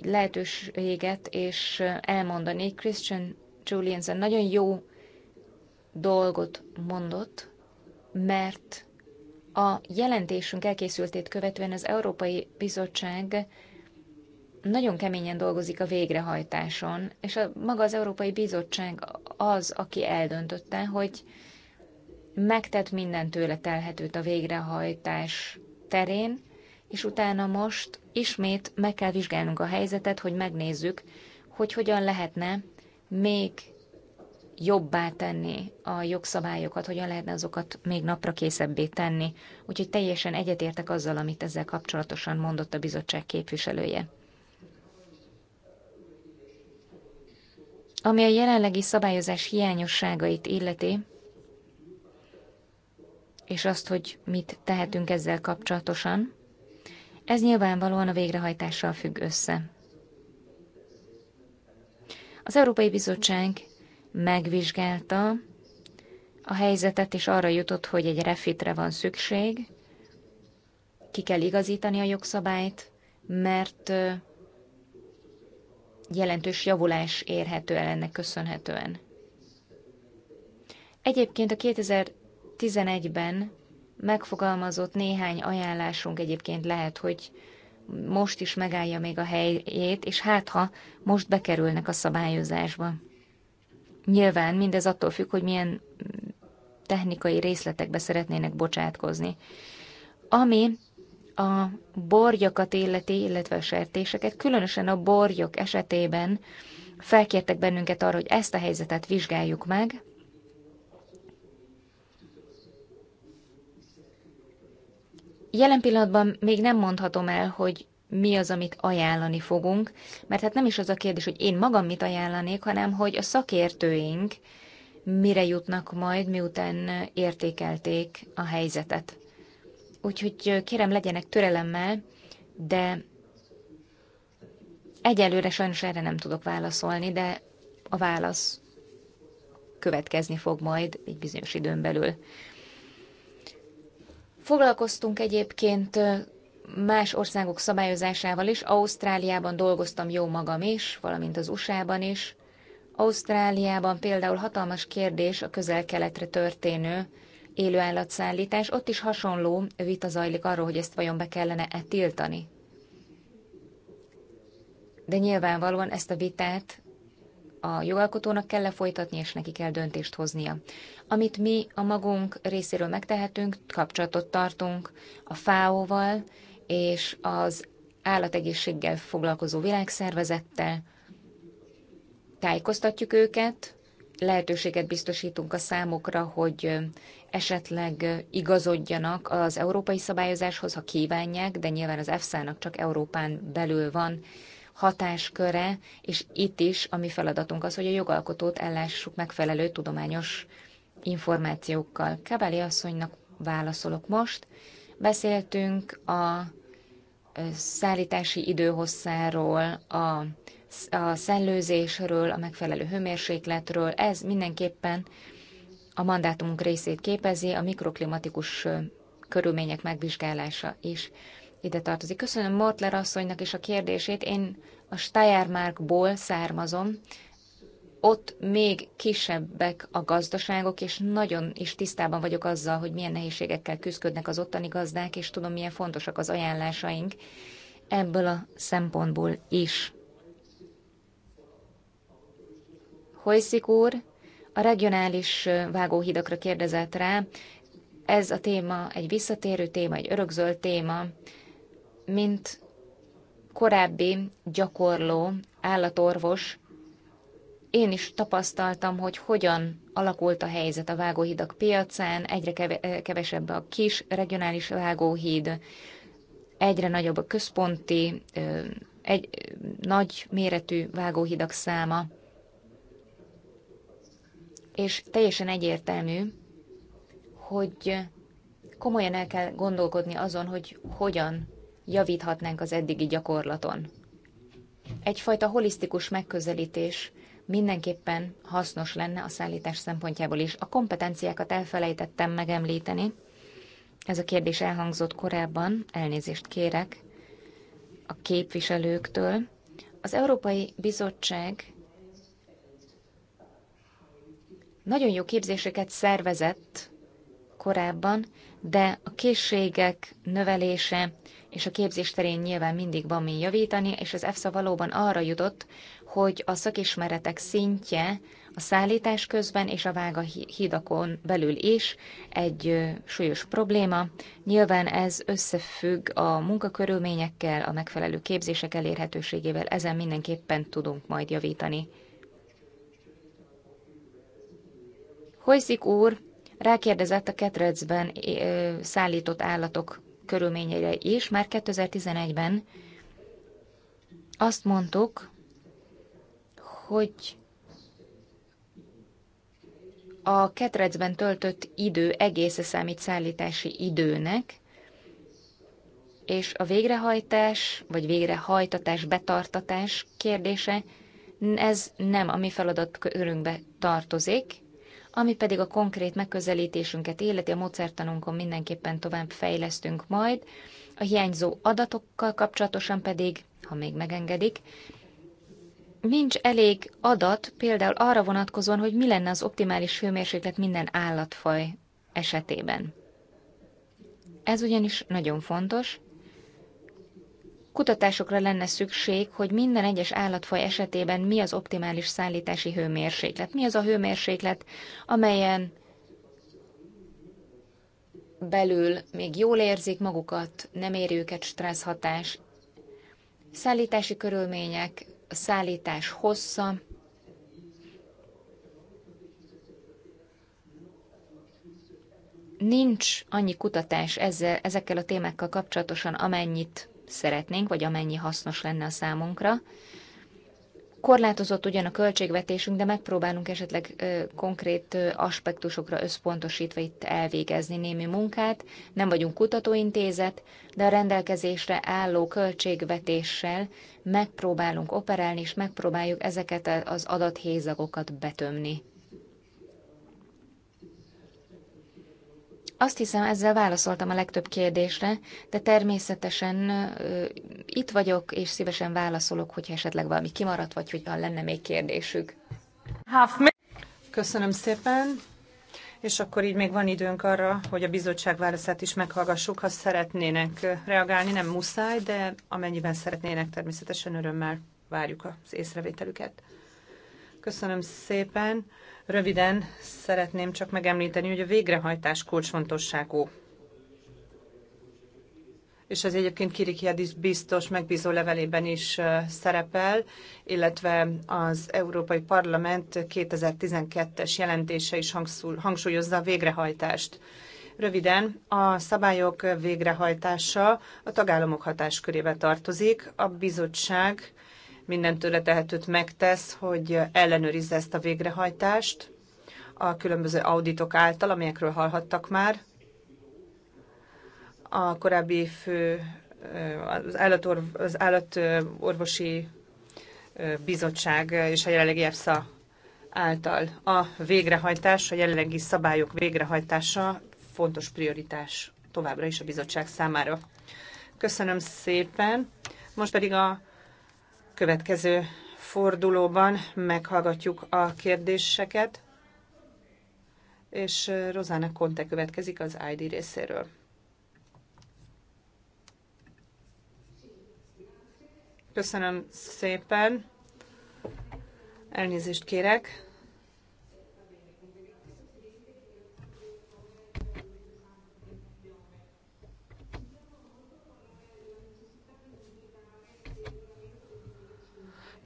lehetőséget, és elmondani, Christian Juliansen nagyon jó dolgot mondott, mert a jelentésünk elkészültét követően az Európai Bizottság nagyon keményen dolgozik a végrehajtáson, és a, maga az Európai Bizottság az, aki eldöntötte, hogy megtett minden tőle telhetőt a végrehajtás terén, és utána most ismét meg kell vizsgálnunk a helyzetet, hogy megnézzük, hogy hogyan lehetne még jobbá tenni a jogszabályokat, hogyan lehetne azokat még napra készebbé tenni. Úgyhogy teljesen egyetértek azzal, amit ezzel kapcsolatosan mondott a bizottság képviselője. Ami a jelenlegi szabályozás hiányosságait illeti, és azt, hogy mit tehetünk ezzel kapcsolatosan, ez nyilvánvalóan a végrehajtással függ össze. Az Európai Bizottság megvizsgálta a helyzetet, és arra jutott, hogy egy refitre van szükség, ki kell igazítani a jogszabályt, mert jelentős javulás érhető el ennek köszönhetően. Egyébként a 2011-ben megfogalmazott néhány ajánlásunk egyébként lehet, hogy most is megállja még a helyét, és hát ha most bekerülnek a szabályozásba. Nyilván mindez attól függ, hogy milyen technikai részletekbe szeretnének bocsátkozni. Ami a borjakat illeti, illetve a sertéseket, különösen a borgyok esetében felkértek bennünket arra, hogy ezt a helyzetet vizsgáljuk meg, Jelen pillanatban még nem mondhatom el, hogy mi az, amit ajánlani fogunk, mert hát nem is az a kérdés, hogy én magam mit ajánlanék, hanem hogy a szakértőink mire jutnak majd, miután értékelték a helyzetet. Úgyhogy kérem, legyenek türelemmel, de egyelőre sajnos erre nem tudok válaszolni, de a válasz következni fog majd egy bizonyos időn belül. Foglalkoztunk egyébként más országok szabályozásával is. Ausztráliában dolgoztam jó magam is, valamint az USA-ban is. Ausztráliában például hatalmas kérdés a közel-keletre történő élőállatszállítás. Ott is hasonló vita zajlik arról, hogy ezt vajon be kellene-e tiltani. De nyilvánvalóan ezt a vitát a jogalkotónak kell lefolytatni, és neki kell döntést hoznia. Amit mi a magunk részéről megtehetünk, kapcsolatot tartunk a FAO-val, és az állategészséggel foglalkozó világszervezettel. Tájékoztatjuk őket, lehetőséget biztosítunk a számokra, hogy esetleg igazodjanak az európai szabályozáshoz, ha kívánják, de nyilván az EFSA-nak csak Európán belül van hatásköre, és itt is a mi feladatunk az, hogy a jogalkotót ellássuk megfelelő tudományos információkkal. Kebeli asszonynak válaszolok most. Beszéltünk a szállítási időhosszáról, a, a szellőzésről, a megfelelő hőmérsékletről. Ez mindenképpen a mandátumunk részét képezi, a mikroklimatikus körülmények megvizsgálása is ide tartozik. Köszönöm Mortler asszonynak is a kérdését. Én a Steiermarkból származom, ott még kisebbek a gazdaságok, és nagyon is tisztában vagyok azzal, hogy milyen nehézségekkel küzdködnek az ottani gazdák, és tudom, milyen fontosak az ajánlásaink ebből a szempontból is. Hojszik úr a regionális vágóhidakra kérdezett rá. Ez a téma egy visszatérő téma, egy örökzöld téma, mint korábbi gyakorló állatorvos, én is tapasztaltam, hogy hogyan alakult a helyzet a vágóhidak piacán, egyre kevesebb a kis regionális vágóhíd, egyre nagyobb a központi, egy, nagy méretű vágóhidak száma, és teljesen egyértelmű, hogy komolyan el kell gondolkodni azon, hogy hogyan javíthatnánk az eddigi gyakorlaton. Egyfajta holisztikus megközelítés mindenképpen hasznos lenne a szállítás szempontjából is. A kompetenciákat elfelejtettem megemlíteni. Ez a kérdés elhangzott korábban, elnézést kérek a képviselőktől. Az Európai Bizottság nagyon jó képzéseket szervezett korábban, de a készségek növelése és a képzés terén nyilván mindig van mi javítani, és az EFSA valóban arra jutott, hogy a szakismeretek szintje a szállítás közben és a vága hídakon belül is egy súlyos probléma. Nyilván ez összefügg a munkakörülményekkel, a megfelelő képzések elérhetőségével, ezen mindenképpen tudunk majd javítani. Hojszik úr rákérdezett a ketrecben szállított állatok körülményeire is, már 2011-ben azt mondtuk, hogy a ketrecben töltött idő egész számít szállítási időnek, és a végrehajtás, vagy végrehajtatás, betartatás kérdése, ez nem a mi feladatkörünkbe tartozik, ami pedig a konkrét megközelítésünket illeti, a módszertanunkon mindenképpen tovább fejlesztünk majd, a hiányzó adatokkal kapcsolatosan pedig, ha még megengedik, nincs elég adat például arra vonatkozóan, hogy mi lenne az optimális hőmérséklet minden állatfaj esetében. Ez ugyanis nagyon fontos. Kutatásokra lenne szükség, hogy minden egyes állatfaj esetében mi az optimális szállítási hőmérséklet. Mi az a hőmérséklet, amelyen belül még jól érzik magukat, nem éri őket stressz hatás, szállítási körülmények, a szállítás hossza, nincs annyi kutatás ezzel, ezekkel a témákkal kapcsolatosan, amennyit szeretnénk, vagy amennyi hasznos lenne a számunkra. Korlátozott ugyan a költségvetésünk, de megpróbálunk esetleg konkrét aspektusokra összpontosítva itt elvégezni némi munkát. Nem vagyunk kutatóintézet, de a rendelkezésre álló költségvetéssel megpróbálunk operálni, és megpróbáljuk ezeket az adathézagokat betömni. Azt hiszem, ezzel válaszoltam a legtöbb kérdésre, de természetesen uh, itt vagyok, és szívesen válaszolok, hogyha esetleg valami kimaradt, vagy hogyha lenne még kérdésük. Köszönöm szépen, és akkor így még van időnk arra, hogy a bizottság válaszát is meghallgassuk, ha szeretnének reagálni, nem muszáj, de amennyiben szeretnének, természetesen örömmel várjuk az észrevételüket. Köszönöm szépen. Röviden szeretném csak megemlíteni, hogy a végrehajtás kulcsfontosságú. És ez egyébként Kirikiadis biztos megbízó levelében is szerepel, illetve az Európai Parlament 2012-es jelentése is hangsúlyozza a végrehajtást. Röviden, a szabályok végrehajtása a tagállamok hatáskörébe tartozik, a bizottság minden tőle tehetőt megtesz, hogy ellenőrizze ezt a végrehajtást a különböző auditok által, amelyekről hallhattak már. A korábbi fő, az, állatorv, az állatorvosi bizottság és a jelenlegi EFSA által a végrehajtás, a jelenlegi szabályok végrehajtása fontos prioritás továbbra is a bizottság számára. Köszönöm szépen. Most pedig a következő fordulóban meghallgatjuk a kérdéseket, és eh, Rozána Konte következik az ID részéről. Köszönöm szépen. Elnézést kérek.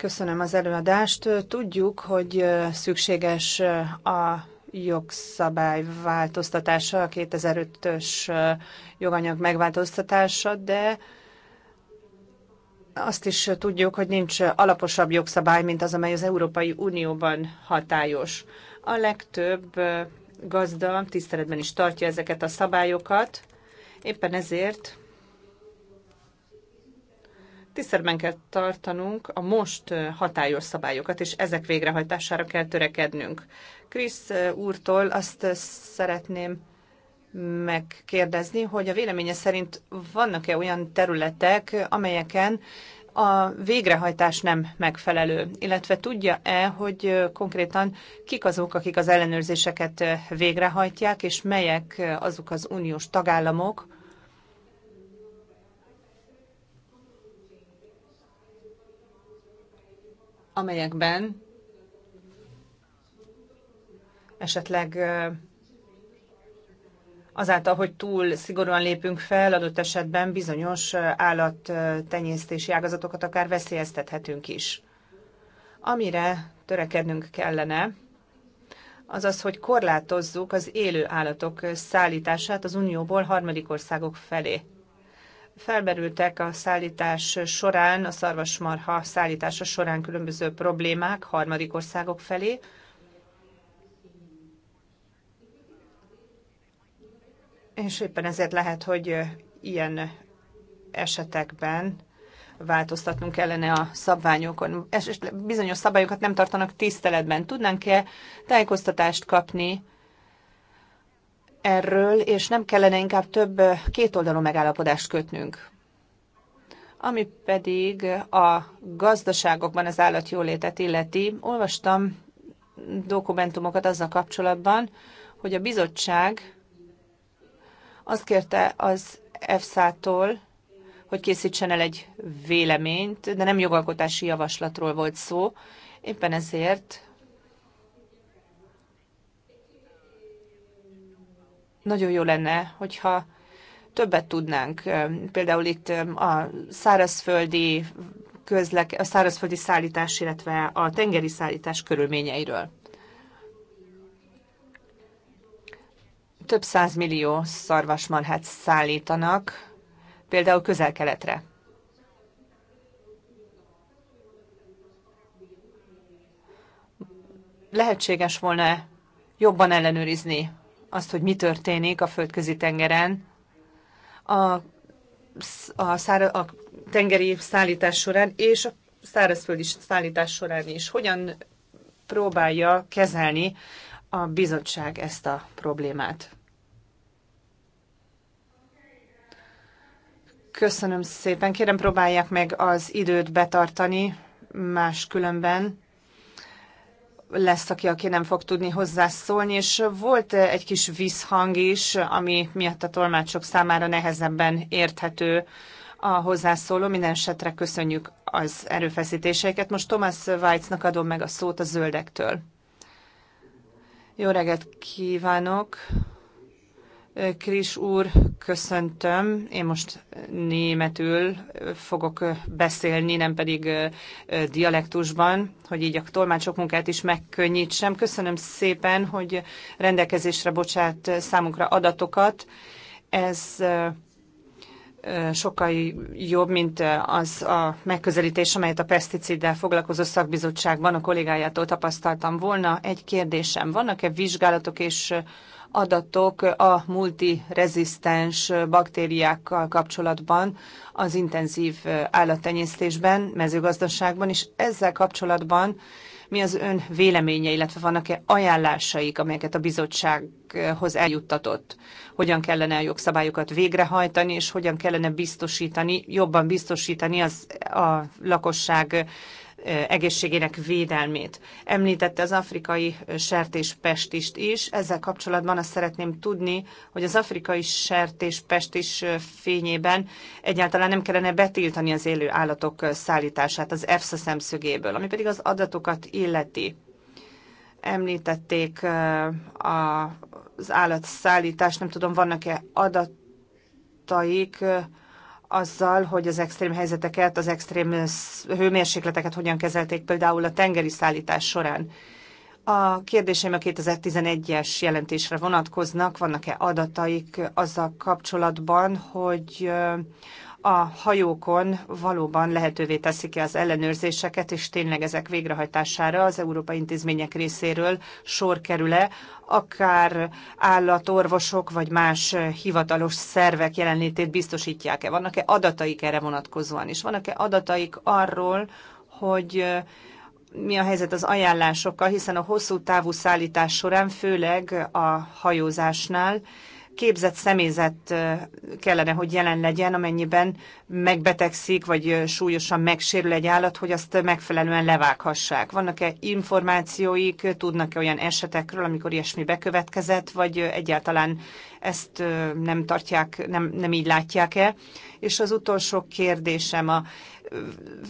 Köszönöm az előadást. Tudjuk, hogy szükséges a jogszabály változtatása, a 2005-ös joganyag megváltoztatása, de azt is tudjuk, hogy nincs alaposabb jogszabály, mint az, amely az Európai Unióban hatályos. A legtöbb gazda tiszteletben is tartja ezeket a szabályokat, éppen ezért tiszteletben kell tartanunk a most hatályos szabályokat, és ezek végrehajtására kell törekednünk. Krisz úrtól azt szeretném megkérdezni, hogy a véleménye szerint vannak-e olyan területek, amelyeken a végrehajtás nem megfelelő, illetve tudja-e, hogy konkrétan kik azok, akik az ellenőrzéseket végrehajtják, és melyek azok az uniós tagállamok, amelyekben esetleg azáltal, hogy túl szigorúan lépünk fel, adott esetben bizonyos állattenyésztési ágazatokat akár veszélyeztethetünk is. Amire törekednünk kellene, az az, hogy korlátozzuk az élő állatok szállítását az Unióból harmadik országok felé felmerültek a szállítás során, a szarvasmarha szállítása során különböző problémák harmadik országok felé. És éppen ezért lehet, hogy ilyen esetekben változtatnunk kellene a szabványokon. Bizonyos szabályokat nem tartanak tiszteletben. Tudnánk-e tájékoztatást kapni erről, és nem kellene inkább több kétoldalú megállapodást kötnünk. Ami pedig a gazdaságokban az állatjólétet illeti, olvastam dokumentumokat azzal kapcsolatban, hogy a bizottság azt kérte az EFSA-tól, hogy készítsen el egy véleményt, de nem jogalkotási javaslatról volt szó. Éppen ezért Nagyon jó lenne, hogyha többet tudnánk. Például itt a szárazföldi közlek, a szárazföldi szállítás, illetve a tengeri szállítás körülményeiről. Több százmillió szarvasmarhát szállítanak, például közel-keletre. Lehetséges volna jobban ellenőrizni azt, hogy mi történik a földközi tengeren. A, a, szára, a tengeri szállítás során és a szárazföldi szállítás során is. Hogyan próbálja kezelni a bizottság ezt a problémát? Köszönöm szépen. Kérem, próbálják meg az időt betartani, máskülönben lesz, aki, aki nem fog tudni hozzászólni, és volt egy kis visszhang is, ami miatt a tolmácsok számára nehezebben érthető a hozzászóló. Minden esetre köszönjük az erőfeszítéseiket. Most Thomas Weitznak adom meg a szót a zöldektől. Jó reggelt kívánok! Kris úr, köszöntöm. Én most németül fogok beszélni, nem pedig dialektusban, hogy így a tolmácsok munkát is megkönnyítsem. Köszönöm szépen, hogy rendelkezésre bocsát számunkra adatokat. Ez sokkal jobb, mint az a megközelítés, amelyet a peszticiddel foglalkozó szakbizottságban a kollégájától tapasztaltam volna. Egy kérdésem, vannak-e vizsgálatok és adatok a multirezisztens baktériákkal kapcsolatban az intenzív állattenyésztésben, mezőgazdaságban, és ezzel kapcsolatban mi az ön véleménye, illetve vannak-e ajánlásaik, amelyeket a bizottsághoz eljuttatott? Hogyan kellene a jogszabályokat végrehajtani, és hogyan kellene biztosítani, jobban biztosítani az, a lakosság Eh, egészségének védelmét. Említette az afrikai eh, sertéspestist is. Ezzel kapcsolatban azt szeretném tudni, hogy az afrikai sertéspestis eh, fényében egyáltalán nem kellene betiltani az élő állatok szállítását az EFSA szemszögéből, ami pedig az adatokat illeti. Említették az állatszállítást, nem tudom, vannak-e adataik, azzal, hogy az extrém helyzeteket, az extrém hőmérsékleteket hogyan kezelték például a tengeri szállítás során. A kérdéseim a 2011-es jelentésre vonatkoznak. Vannak-e adataik azzal kapcsolatban, hogy a hajókon valóban lehetővé teszik az ellenőrzéseket, és tényleg ezek végrehajtására az európai intézmények részéről sor kerül-e, akár állatorvosok vagy más hivatalos szervek jelenlétét biztosítják-e? Vannak-e adataik erre vonatkozóan, és vannak-e adataik arról, hogy mi a helyzet az ajánlásokkal, hiszen a hosszú távú szállítás során, főleg a hajózásnál, képzett személyzet kellene, hogy jelen legyen, amennyiben megbetegszik, vagy súlyosan megsérül egy állat, hogy azt megfelelően levághassák. Vannak-e információik, tudnak-e olyan esetekről, amikor ilyesmi bekövetkezett, vagy egyáltalán ezt nem tartják, nem, nem így látják-e? És az utolsó kérdésem a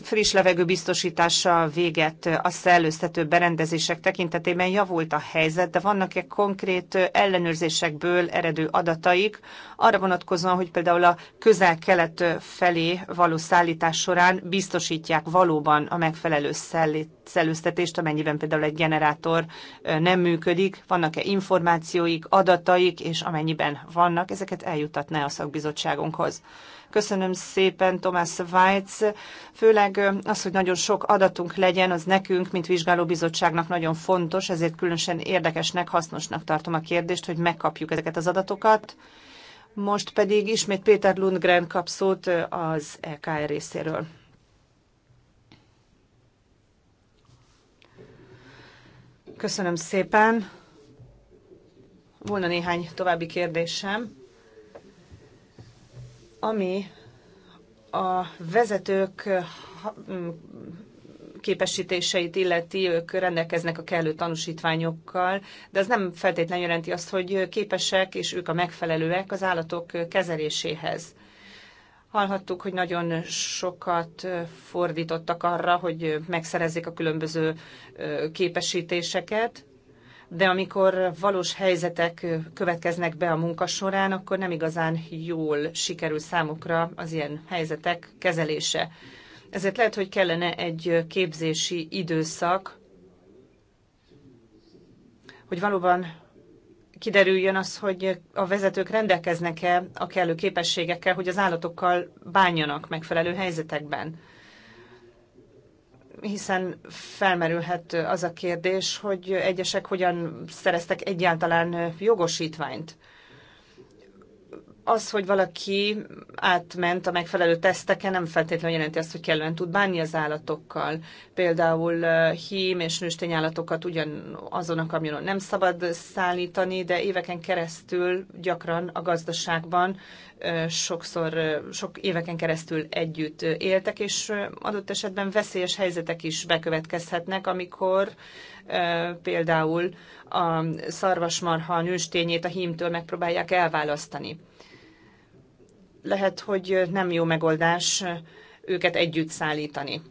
friss levegő biztosítása véget a szellőztető berendezések tekintetében javult a helyzet, de vannak-e konkrét ellenőrzésekből eredő adataik arra vonatkozóan, hogy például a közel-kelet felé való szállítás során biztosítják valóban a megfelelő szellőztetést, amennyiben például egy generátor nem működik, vannak-e információik, adataik, és amennyiben vannak, ezeket eljutatná a szakbizottságunkhoz. Köszönöm szépen Thomas Weitz, főleg az, hogy nagyon sok adatunk legyen, az nekünk, mint vizsgálóbizottságnak nagyon fontos, ezért különösen érdekesnek, hasznosnak tartom a kérdést, hogy megkapjuk ezeket az adatokat. Most pedig ismét Péter Lundgren kap szót az EKR e részéről. Köszönöm szépen. Volna néhány további kérdésem ami a vezetők mm, képesítéseit illeti, ők rendelkeznek a kellő tanúsítványokkal, de az nem feltétlenül jelenti azt, hogy képesek és ők a megfelelőek az állatok kezeléséhez. Hallhattuk, hogy nagyon sokat fordítottak arra, hogy megszerezzék a különböző képesítéseket, de amikor valós helyzetek következnek be a munka során, akkor nem igazán jól sikerül számukra az ilyen helyzetek kezelése. Ezért lehet, hogy kellene egy képzési időszak, hogy valóban kiderüljön az, hogy a vezetők rendelkeznek-e a kellő képességekkel, hogy az állatokkal bánjanak megfelelő helyzetekben hiszen felmerülhet az a kérdés, hogy egyesek hogyan szereztek egyáltalán jogosítványt az, hogy valaki átment a megfelelő teszteken, nem feltétlenül jelenti azt, hogy kellően tud bánni az állatokkal. Például hím és nőstény állatokat ugyan azon a kamionon nem szabad szállítani, de éveken keresztül gyakran a gazdaságban sokszor, sok éveken keresztül együtt éltek, és adott esetben veszélyes helyzetek is bekövetkezhetnek, amikor például a szarvasmarha nőstényét a hímtől megpróbálják elválasztani lehet, hogy nem jó megoldás őket együtt szállítani.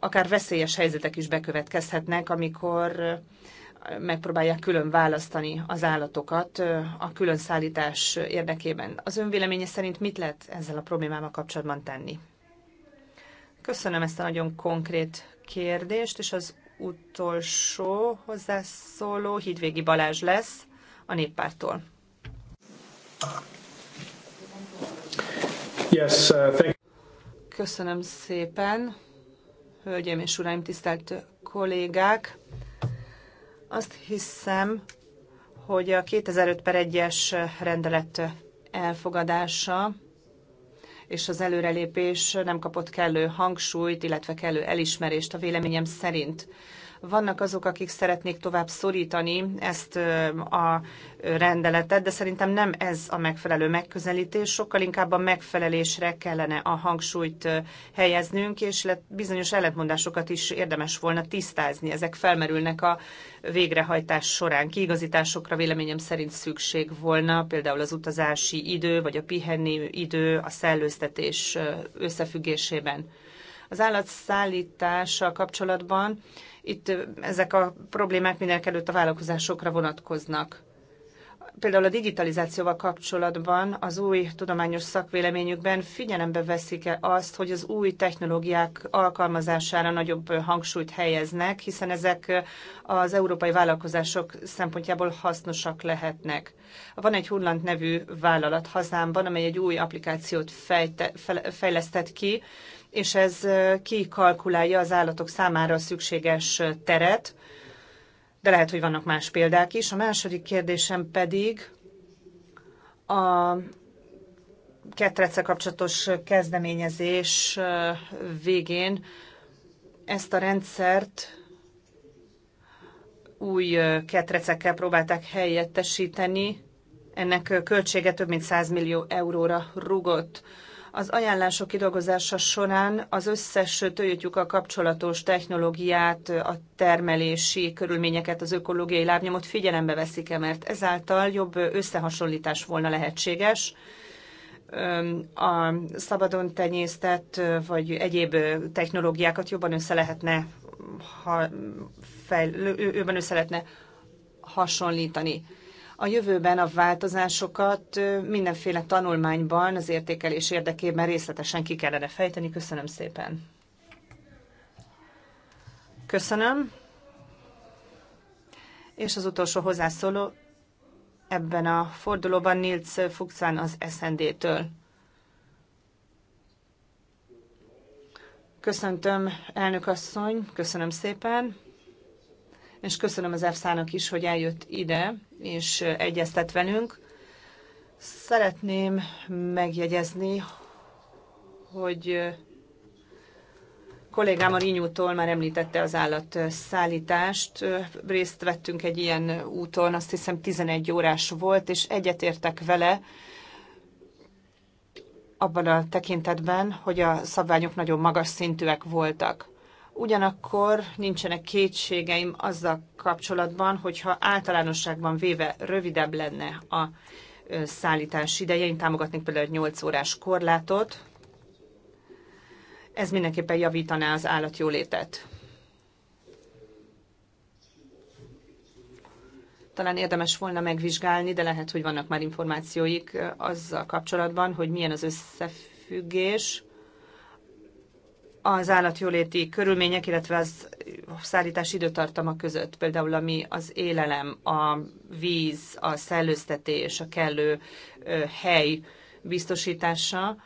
Akár veszélyes helyzetek is bekövetkezhetnek, amikor megpróbálják külön választani az állatokat a külön szállítás érdekében. Az ön véleménye szerint mit lehet ezzel a problémával kapcsolatban tenni? Köszönöm ezt a nagyon konkrét kérdést, és az utolsó hozzászóló Hidvégi Balázs lesz a néppártól. Yes, uh, thank Köszönöm szépen, hölgyeim és uraim, tisztelt kollégák. Azt hiszem, hogy a 2005 per 1-es rendelet elfogadása és az előrelépés nem kapott kellő hangsúlyt, illetve kellő elismerést a véleményem szerint. Vannak azok, akik szeretnék tovább szorítani ezt a rendeletet, de szerintem nem ez a megfelelő megközelítés, sokkal inkább a megfelelésre kellene a hangsúlyt helyeznünk, és bizonyos ellentmondásokat is érdemes volna tisztázni. Ezek felmerülnek a végrehajtás során. Kiigazításokra véleményem szerint szükség volna, például az utazási idő, vagy a pihenni idő, a szellőztetés összefüggésében. Az állatszállítással kapcsolatban itt ezek a problémák mindenek előtt a vállalkozásokra vonatkoznak. Például a digitalizációval kapcsolatban az új tudományos szakvéleményükben figyelembe veszik-e azt, hogy az új technológiák alkalmazására nagyobb hangsúlyt helyeznek, hiszen ezek az európai vállalkozások szempontjából hasznosak lehetnek. Van egy Hunland nevű vállalat hazámban, amely egy új applikációt fejte, fejlesztett ki, és ez kikalkulálja az állatok számára szükséges teret, de lehet, hogy vannak más példák is. A második kérdésem pedig a ketrecce kapcsolatos kezdeményezés végén ezt a rendszert új ketrecekkel próbálták helyettesíteni. Ennek költsége több mint 100 millió euróra rugott. Az ajánlások kidolgozása során az összes tőjütyúkkal kapcsolatos technológiát, a termelési körülményeket, az ökológiai lábnyomot figyelembe veszik-e, mert ezáltal jobb összehasonlítás volna lehetséges a szabadon tenyésztett vagy egyéb technológiákat jobban össze lehetne, ha fejl, jobban össze lehetne hasonlítani a jövőben a változásokat mindenféle tanulmányban az értékelés érdekében részletesen ki kellene fejteni. Köszönöm szépen. Köszönöm. És az utolsó hozzászóló ebben a fordulóban Nils Fuchsán az SND-től. Köszöntöm, elnök asszony, köszönöm szépen és köszönöm az EFSA-nak is, hogy eljött ide, és egyeztet velünk. Szeretném megjegyezni, hogy kollégám a Rinyútól már említette az állatszállítást. Részt vettünk egy ilyen úton, azt hiszem 11 órás volt, és egyetértek vele abban a tekintetben, hogy a szabványok nagyon magas szintűek voltak. Ugyanakkor nincsenek kétségeim azzal kapcsolatban, hogyha általánosságban véve rövidebb lenne a szállítás ideje, én támogatnék például egy 8 órás korlátot, ez mindenképpen javítaná az állatjólétet. Talán érdemes volna megvizsgálni, de lehet, hogy vannak már információik azzal kapcsolatban, hogy milyen az összefüggés az állatjóléti körülmények, illetve az szállítás időtartama között, például ami az élelem, a víz, a szellőztetés, a kellő hely biztosítása,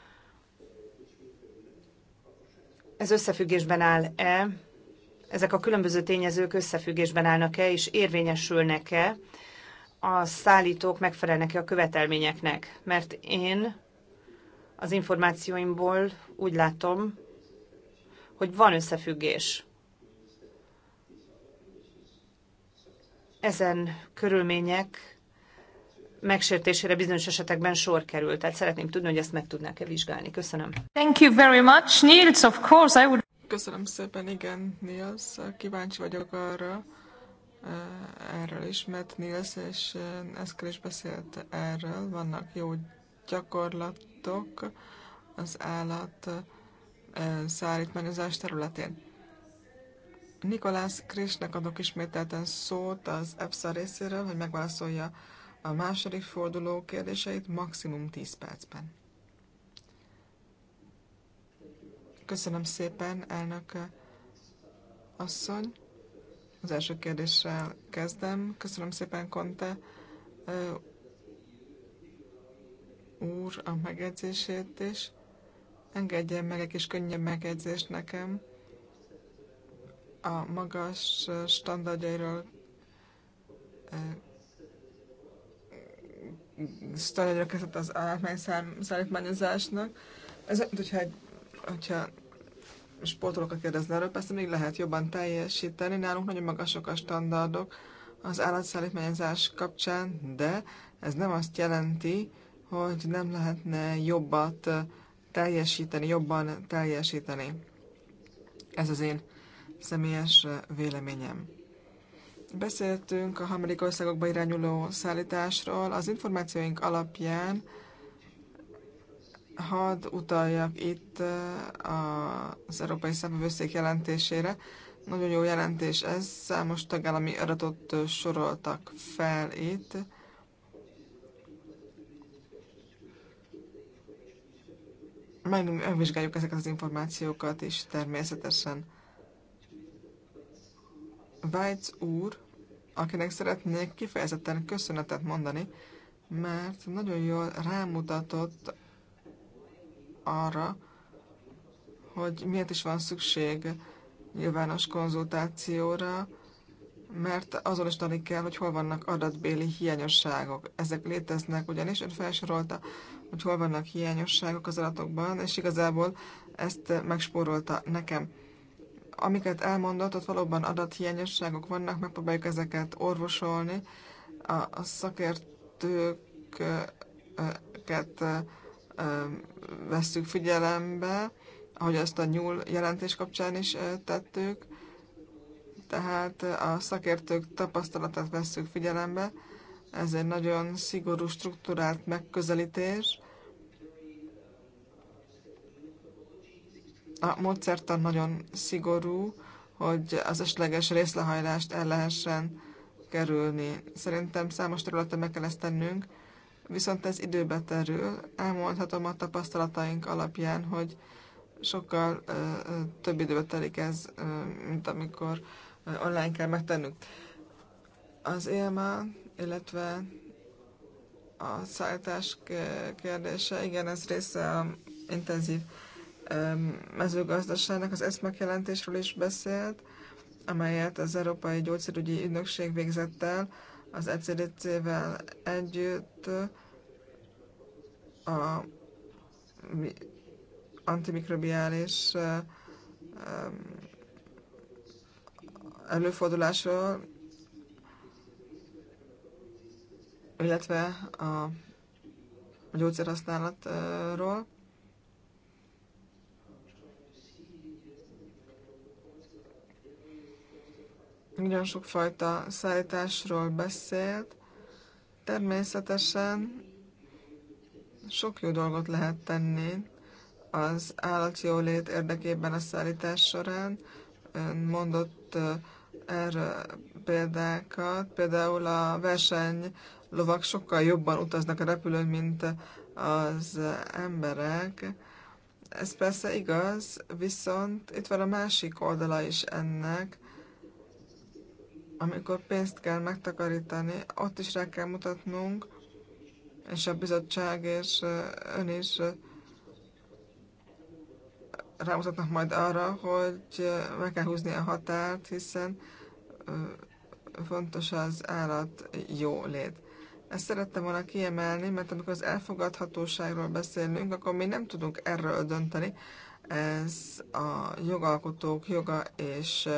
ez összefüggésben áll-e, ezek a különböző tényezők összefüggésben állnak-e és érvényesülnek-e, a szállítók megfelelnek-e a követelményeknek? Mert én az információimból úgy látom, hogy van összefüggés ezen körülmények megsértésére bizonyos esetekben sor kerül. Tehát szeretném tudni, hogy ezt meg tudnák-e vizsgálni. Köszönöm. Thank you very much, Niels. Of course, I would... Köszönöm szépen, igen, Niels. Kíváncsi vagyok arra, eh, erről is, mert Niels és eh, Eszkel is beszélt erről. Vannak jó gyakorlatok az állat szállítmányozás területén. Nikolás Krisnek adok ismételten szót az EPSA részéről, hogy megválaszolja a második forduló kérdéseit maximum 10 percben. Köszönöm szépen, elnök asszony. Az első kérdéssel kezdem. Köszönöm szépen, Konte úr, a megjegyzését is. Engedjen meg egy kis könnyebb megjegyzést nekem a magas standardjairól eh, standardjára kezdett az szállítmányozásnak. Ez olyan, hogyha, hogyha sportolókat kérdezni erről, persze még lehet jobban teljesíteni. Nálunk nagyon magasok a standardok az állatszállítmányozás kapcsán, de ez nem azt jelenti, hogy nem lehetne jobbat eh, teljesíteni, jobban teljesíteni. Ez az én személyes véleményem. Beszéltünk a harmadik országokba irányuló szállításról. Az információink alapján hadd utaljak itt eh, az Európai Számvevőszék jelentésére. Nagyon jó jelentés ez, számos tagállami adatot soroltak fel itt. megvizsgáljuk ezeket az információkat és természetesen. Vájc úr, akinek szeretnék kifejezetten köszönetet mondani, mert nagyon jól rámutatott arra, hogy miért is van szükség nyilvános konzultációra, mert azon azonosítani kell, hogy hol vannak adatbéli hiányosságok. Ezek léteznek, ugyanis ön felsorolta hogy hol vannak hiányosságok az adatokban, és igazából ezt megspórolta nekem. Amiket elmondott, ott valóban adathiányosságok vannak, megpróbáljuk ezeket orvosolni. A, a szakértőket vesszük figyelembe, ahogy azt a nyúl jelentés kapcsán is tettük. Tehát a szakértők tapasztalatát vesszük figyelembe, ez egy nagyon szigorú, struktúrált megközelítés. A módszertan nagyon szigorú, hogy az esetleges részlehajlást el lehessen kerülni. Szerintem számos területen meg kell ezt tennünk, viszont ez időbe terül. Elmondhatom a tapasztalataink alapján, hogy sokkal ö, több időbe telik ez, ö, mint amikor online kell megtennünk. Az EMA illetve a szállítás kérdése, igen, ez része a intenzív mezőgazdaságnak. Az ESMAK jelentésről is beszélt, amelyet az Európai Gyógyszerügyi Ügynökség végzett el az ECDC-vel együtt a antimikrobiális előfordulásról, illetve a gyógyszerhasználatról. Nagyon sokfajta szállításról beszélt. Természetesen sok jó dolgot lehet tenni az állatjólét érdekében a szállítás során. Ön mondott erre példákat, például a verseny lovak sokkal jobban utaznak a repülőn, mint az emberek. Ez persze igaz, viszont itt van a másik oldala is ennek, amikor pénzt kell megtakarítani, ott is rá kell mutatnunk, és a bizottság és ön is rámutatnak majd arra, hogy meg kell húzni a határt, hiszen fontos az állat jó lét. Ezt szerettem volna kiemelni, mert amikor az elfogadhatóságról beszélünk, akkor mi nem tudunk erről dönteni. Ez a jogalkotók joga és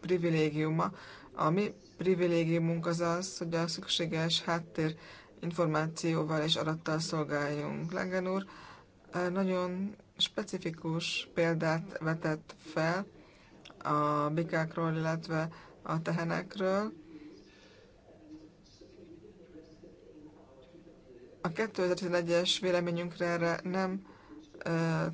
privilégiuma. A mi privilégiumunk az az, hogy a szükséges háttér információval és adattal szolgáljunk. Lengen úr nagyon specifikus példát vetett fel a bikákról, illetve a tehenekről, A 2011-es véleményünkre erre nem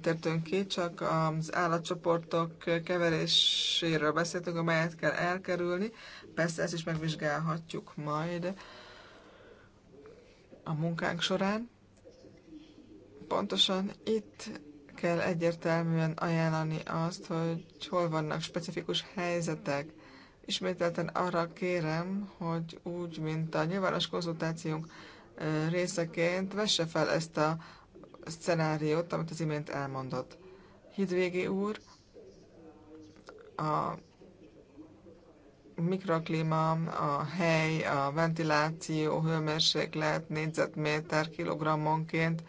tértünk ki, csak az állatcsoportok keveréséről beszéltünk, amelyet kell elkerülni. Persze ezt is megvizsgálhatjuk majd a munkánk során. Pontosan itt kell egyértelműen ajánlani azt, hogy hol vannak specifikus helyzetek. Ismételten arra kérem, hogy úgy, mint a nyilvános konzultációnk részeként vesse fel ezt a szenáriót, amit az imént elmondott. Hidvégi úr, a mikroklíma, a hely, a ventiláció, hőmérséklet, négyzetméter kilogrammonként,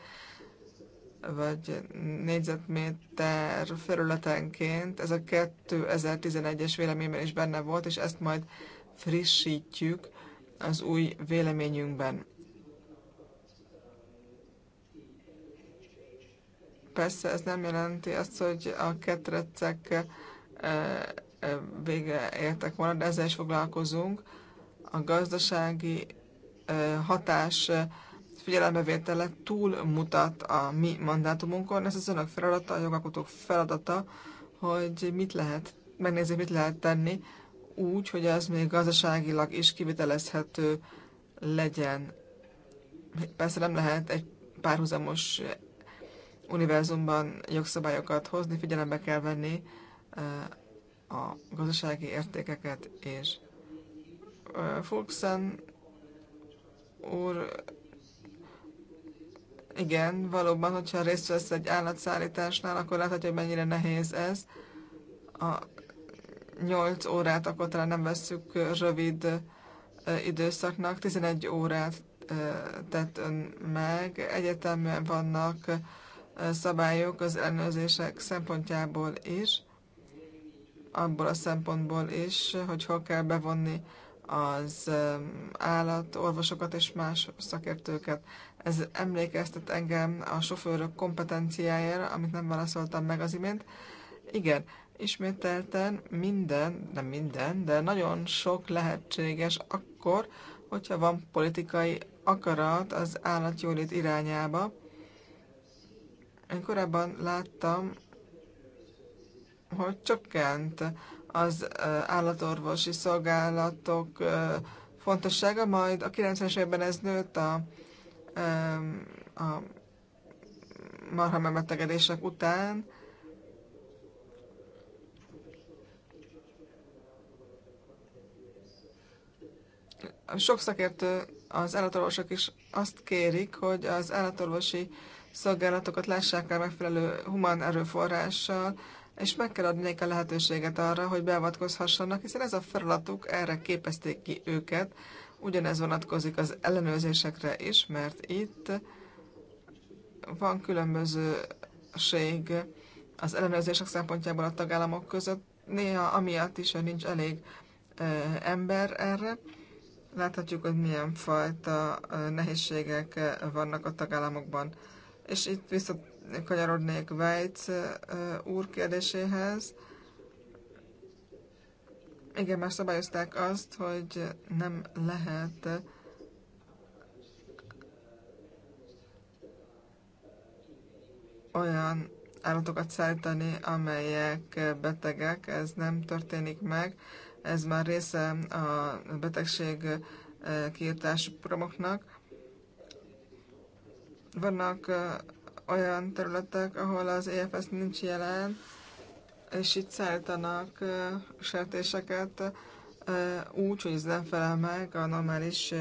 vagy négyzetméter felületenként, ez a 2011-es véleményben is benne volt, és ezt majd frissítjük az új véleményünkben. Persze ez nem jelenti azt, hogy a ketrecek eh, eh, vége értek volna, de ezzel is foglalkozunk. A gazdasági eh, hatás figyelembevétele túlmutat a mi mandátumunkon. Ez az önök feladata, a jogalkotók feladata, hogy mit lehet, megnézni, mit lehet tenni úgy, hogy ez még gazdaságilag is kivitelezhető legyen. Persze nem lehet egy párhuzamos univerzumban jogszabályokat hozni, figyelembe kell venni eh, a gazdasági értékeket, és eh, Fulkszen úr igen, valóban, hogyha részt vesz egy állatszállításnál, akkor láthatja, hogy mennyire nehéz ez. A nyolc órát akkor talán nem vesszük rövid eh, időszaknak, 11 órát tett ön meg. Egyetemben vannak szabályok az ellenőrzések szempontjából is, abból a szempontból is, hogy hol kell bevonni az um, állat orvosokat és más szakértőket. Ez emlékeztet engem a sofőrök kompetenciájára, amit nem válaszoltam meg az imént. Igen, ismételten minden, nem minden, de nagyon sok lehetséges akkor, hogyha van politikai akarat az állatjólét irányába, én korábban láttam, hogy csökkent az állatorvosi szolgálatok fontossága, majd a 90-es évben ez nőtt a, a marha megbetegedések után. Sok szakértő, az állatorvosok is azt kérik, hogy az állatorvosi szolgálatokat lássák el megfelelő humán erőforrással, és meg kell adni a lehetőséget arra, hogy beavatkozhassanak, hiszen ez a feladatuk, erre képezték ki őket. Ugyanez vonatkozik az ellenőrzésekre is, mert itt van különbözőség az ellenőrzések szempontjából a tagállamok között, néha amiatt is, hogy nincs elég ember erre. Láthatjuk, hogy milyen fajta nehézségek vannak a tagállamokban és itt visszakanyarodnék Vejc úr kérdéséhez. Igen, már szabályozták azt, hogy nem lehet olyan állatokat szállítani, amelyek betegek, ez nem történik meg. Ez már része a betegség kiirtási programoknak. Vannak olyan területek, ahol az EFS nincs jelen, és itt szállítanak sertéseket úgy, hogy ez nem felel meg a normális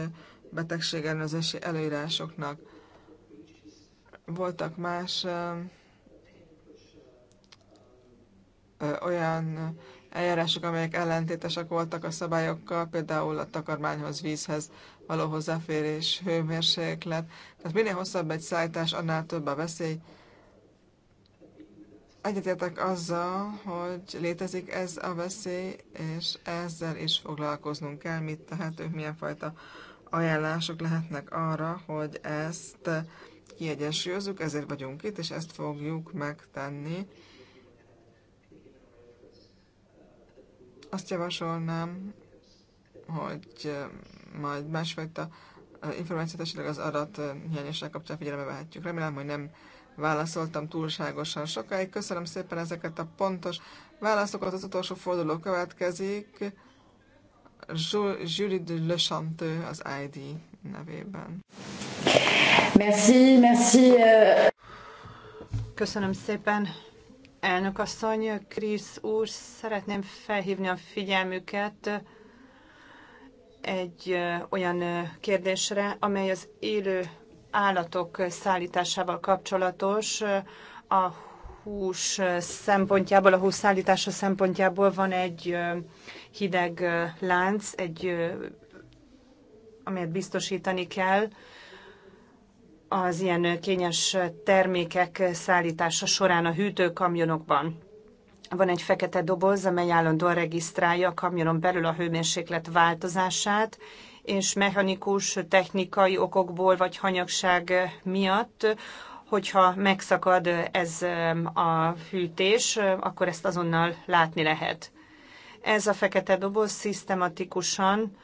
betegségellenőrzési előírásoknak. Voltak más olyan eljárások, amelyek ellentétesek voltak a szabályokkal, például a takarmányhoz, vízhez való hozzáférés, hőmérséklet. Tehát minél hosszabb egy szállítás, annál több a veszély. Egyetértek azzal, hogy létezik ez a veszély, és ezzel is foglalkoznunk kell, mit tehetünk, milyen fajta ajánlások lehetnek arra, hogy ezt kiegyensúlyozzuk, ezért vagyunk itt, és ezt fogjuk megtenni. Azt javasolnám, hogy majd másfajta információt esetleg az adat hiányosság kapcsán figyelembe vehetjük. Remélem, hogy nem válaszoltam túlságosan sokáig. Köszönöm szépen ezeket a pontos válaszokat. Az utolsó forduló következik. Julie de Le Chanteux az ID nevében. Merci, merci. Euh. Köszönöm szépen. Elnök asszony, Krisz úr, szeretném felhívni a figyelmüket egy olyan kérdésre, amely az élő állatok szállításával kapcsolatos. A hús szempontjából, a hús szállítása szempontjából van egy hideg lánc, egy, amelyet biztosítani kell az ilyen kényes termékek szállítása során a hűtőkamionokban. Van egy fekete doboz, amely állandóan regisztrálja a kamionon belül a hőmérséklet változását, és mechanikus, technikai okokból vagy hanyagság miatt hogyha megszakad ez um, a hűtés, akkor ezt azonnal látni lehet. Ez a fekete doboz szisztematikusan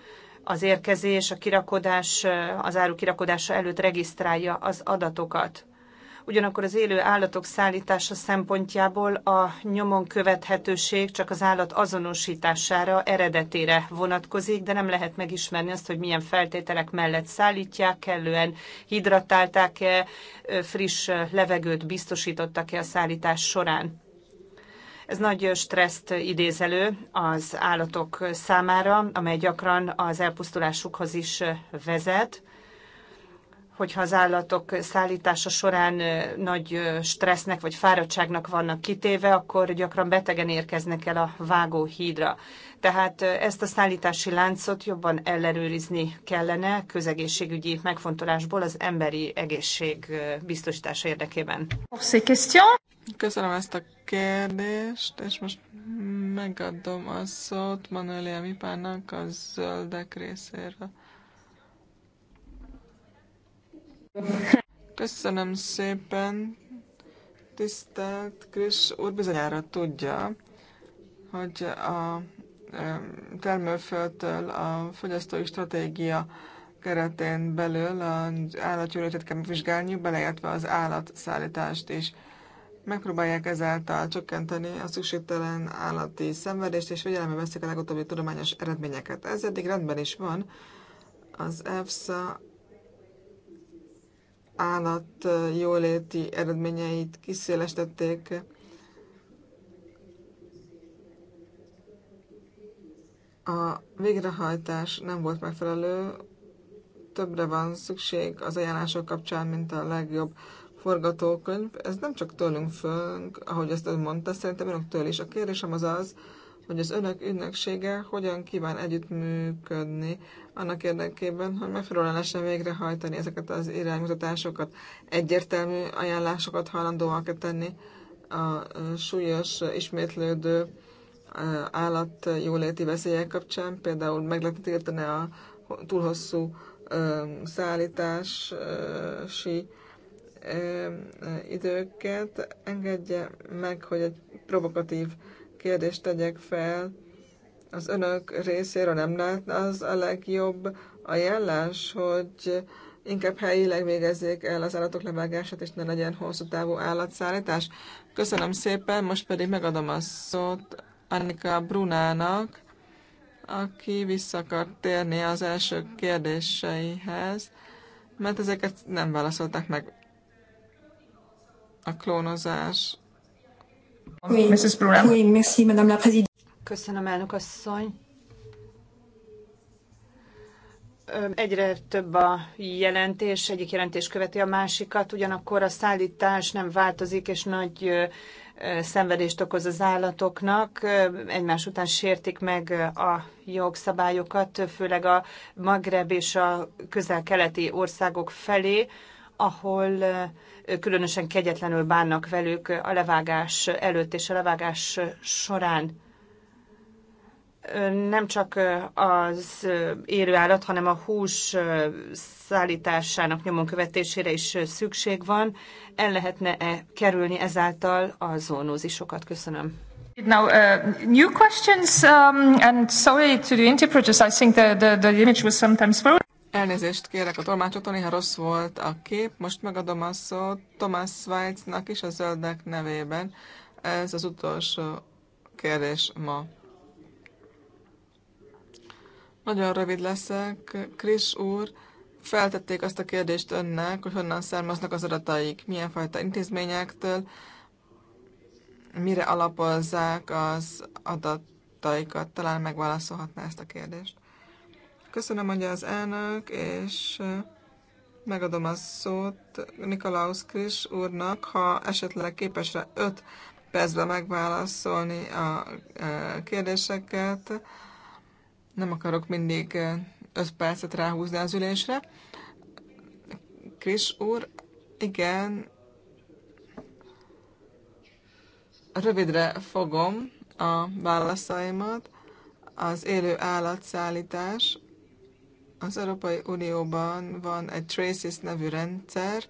az érkezés, a kirakodás, az áru kirakodása előtt regisztrálja az adatokat. Ugyanakkor az élő állatok szállítása szempontjából a nyomon követhetőség csak az állat azonosítására, eredetére vonatkozik, de nem lehet megismerni azt, hogy milyen feltételek mellett szállítják, kellően hidratálták-e, friss levegőt biztosítottak-e a szállítás során. Ez nagy stresszt idéz elő az állatok számára, amely gyakran az elpusztulásukhoz is vezet hogyha az állatok szállítása során nagy stressznek vagy fáradtságnak vannak kitéve, akkor gyakran betegen érkeznek el a vágóhídra. Tehát ezt a szállítási láncot jobban ellenőrizni kellene közegészségügyi megfontolásból az emberi egészség biztosítása érdekében. Köszönöm ezt a kérdést, és most megadom a szót Manuel Mipának a zöldek részéről. Köszönöm szépen, tisztelt Kris úr bizonyára tudja, hogy a termőföldtől a fogyasztói stratégia keretén belül az állatgyűlöletet kell vizsgálni, beleértve az állatszállítást is. Megpróbálják ezáltal csökkenteni a szükségtelen állati szenvedést, és figyelembe veszik a legutóbbi tudományos eredményeket. Ez eddig rendben is van. Az EFSA állat jóléti eredményeit kiszélesítették. A végrehajtás nem volt megfelelő, többre van szükség az ajánlások kapcsán, mint a legjobb forgatókönyv. Ez nem csak tőlünk fönk, ahogy ezt ön mondta, szerintem önöktől is. A kérdésem az az, hogy az önök ügynöksége hogyan kíván együttműködni annak érdekében, hogy megfelelően lehessen végrehajtani ezeket az iránymutatásokat, egyértelmű ajánlásokat hajlandóak tenni a súlyos, ismétlődő állat jóléti veszélyek kapcsán, például meg lehetne tiltani a túl hosszú szállítási időket. Engedje meg, hogy egy provokatív kérdést tegyek fel, az önök részéről nem látna az a legjobb ajánlás, hogy inkább helyileg végezzék el az állatok levágását, és ne legyen hosszú távú állatszállítás. Köszönöm szépen, most pedig megadom a szót Annika Brunának, aki vissza akar térni az első kérdéseihez, mert ezeket nem válaszolták meg. A klónozás Köszönöm, elnök asszony. Egyre több a jelentés, egyik jelentés követi a másikat, ugyanakkor a szállítás nem változik, és nagy szenvedést okoz az állatoknak. Egymás után sértik meg a jogszabályokat, főleg a Magreb és a közel-keleti országok felé ahol különösen kegyetlenül bánnak velük a levágás előtt és a levágás során. Nem csak az érő állat, hanem a hús szállításának nyomon követésére is szükség van. El lehetne -e kerülni ezáltal a zónózisokat? Köszönöm. Now, uh, new questions, um, and sorry to the interpreters, I think the, the, the image was sometimes frozen. Elnézést kérek a tolmácsoktól, néha rossz volt a kép. Most megadom a szót Thomas Svájcnak is a zöldek nevében. Ez az utolsó kérdés ma. Nagyon rövid leszek. Kris úr, feltették azt a kérdést önnek, hogy honnan származnak az adataik, milyen fajta intézményektől, mire alapozzák az adataikat. Talán megválaszolhatná ezt a kérdést. Köszönöm, mondja az elnök, és megadom a szót Nikolaus Kris úrnak, ha esetleg képes rá öt percben megválaszolni a kérdéseket. Nem akarok mindig öt percet ráhúzni az ülésre. Kris úr, igen, rövidre fogom a válaszaimat. Az élő állatszállítás az Európai Unióban van egy Traces nevű rendszer,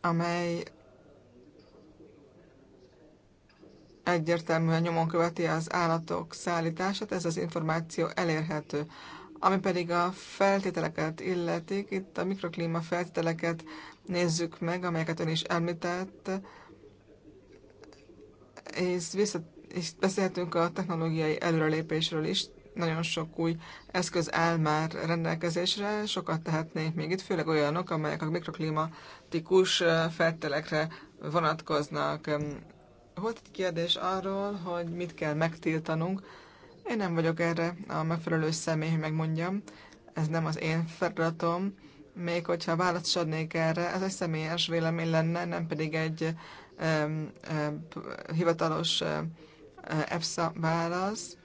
amely egyértelműen nyomon követi az állatok szállítását, ez az információ elérhető. Ami pedig a feltételeket illetik, itt a mikroklíma feltételeket nézzük meg, amelyeket ön is említett, és, vissza, és beszélhetünk a technológiai előrelépésről is nagyon sok új eszköz áll már rendelkezésre, sokat tehetnénk még itt, főleg olyanok, amelyek a mikroklimatikus feltelekre vonatkoznak. Volt egy kérdés arról, hogy mit kell megtiltanunk. Én nem vagyok erre a megfelelő személy, hogy megmondjam. Ez nem az én feladatom. Még hogyha választ adnék erre, ez egy személyes vélemény lenne, nem pedig egy um, um, hivatalos um, EFSA válasz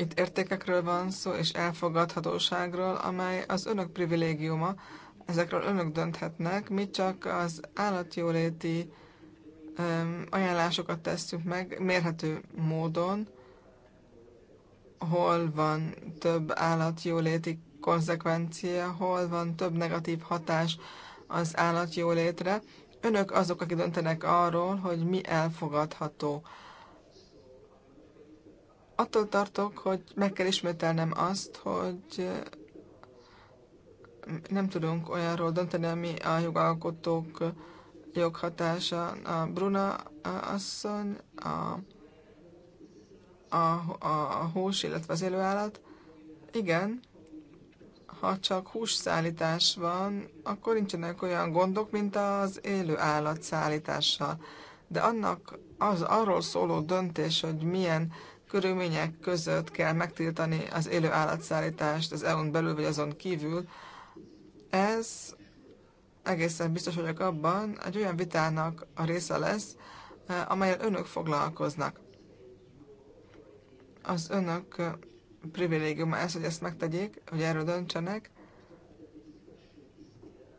itt értékekről van szó, és elfogadhatóságról, amely az önök privilégiuma. Ezekről önök dönthetnek, mi csak az állatjóléti ajánlásokat tesszük meg mérhető módon, hol van több állatjóléti konzekvencia, hol van több negatív hatás az állatjólétre. Önök azok, akik döntenek arról, hogy mi elfogadható attól tartok, hogy meg kell ismételnem azt, hogy nem tudunk olyanról dönteni, ami a jogalkotók joghatása. A Bruna asszony, a, a, a, hús, illetve az élőállat. Igen, ha csak hússzállítás van, akkor nincsenek olyan gondok, mint az élő állat szállítással. De annak az arról szóló döntés, hogy milyen uh, körülmények között kell megtiltani az élő állatszállítást az EU-n belül vagy azon kívül. Ez egészen biztos vagyok abban, egy olyan vitának a része lesz, eh, amelyen önök foglalkoznak. Az önök eh, privilégiuma ez, hogy ezt megtegyék, hogy erről döntsenek.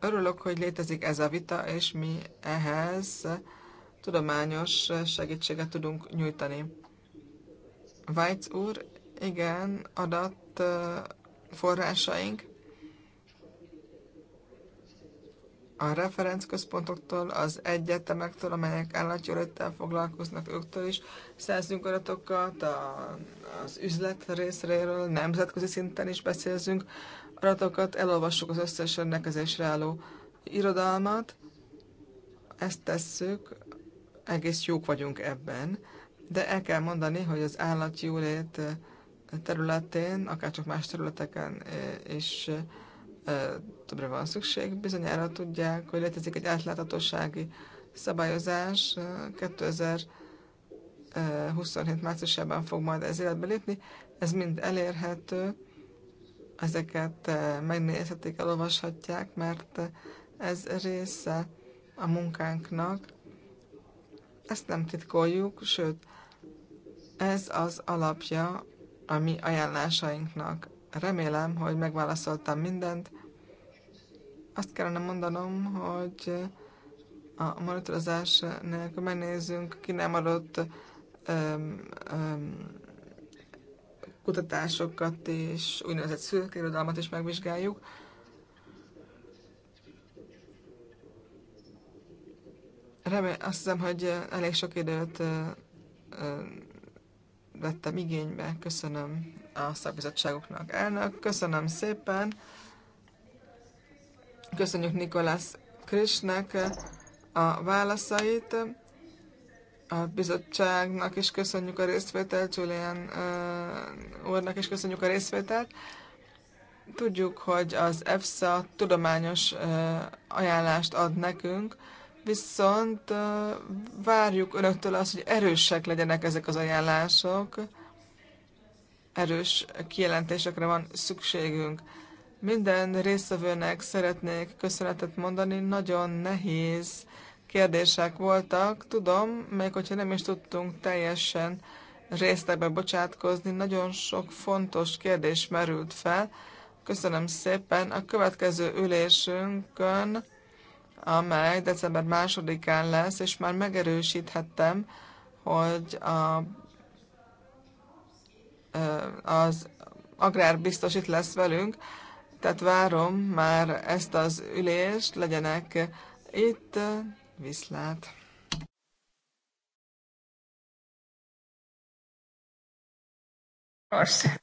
Örülök, hogy létezik ez a vita, és mi ehhez tudományos segítséget tudunk nyújtani. Vajc úr, igen, adat forrásaink a referencközpontoktól, az egyetemektől, amelyek állatjóléttel foglalkoznak őktől is. Szerzünk adatokat a, az üzlet részéről, nemzetközi szinten is beszélzünk adatokat, elolvassuk az összes rendelkezésre álló irodalmat, ezt tesszük, egész jók vagyunk ebben de el kell mondani, hogy az állatjólét eh, területén, akár csak más területeken eh, is eh, többre van szükség. Bizonyára tudják, hogy létezik egy átláthatósági szabályozás 2027 márciusában fog majd ez életbe lépni. Ez mind elérhető, ezeket megnézhetik, elolvashatják, mert ez része a munkánknak. Ezt nem titkoljuk, sőt, ez az alapja a mi ajánlásainknak. Remélem, hogy megválaszoltam mindent. Azt kellene mondanom, hogy a monitorozás nélkül megnézzünk ki nem adott öm, öm, kutatásokat és úgynevezett szülőkirodalmat is megvizsgáljuk. Remélem, azt hiszem, hogy elég sok időt vettem igénybe. Köszönöm a szakbizottságoknak. Elnök, köszönöm szépen. Köszönjük Nikolász Krisnek a válaszait. A bizottságnak is köszönjük a részvételt, Julian uh, úrnak is köszönjük a részvételt. Tudjuk, hogy az EFSA tudományos uh, ajánlást ad nekünk, viszont várjuk önöktől azt, hogy erősek legyenek ezek az ajánlások, erős kijelentésekre van szükségünk. Minden résztvevőnek szeretnék köszönetet mondani, nagyon nehéz kérdések voltak, tudom, még hogyha nem is tudtunk teljesen részletekbe bocsátkozni, nagyon sok fontos kérdés merült fel. Köszönöm szépen. A következő ülésünkön amely december másodikán lesz, és már megerősíthettem, hogy a, az agrárbiztos itt lesz velünk, tehát várom már ezt az ülést, legyenek itt, viszlát! Köszönöm.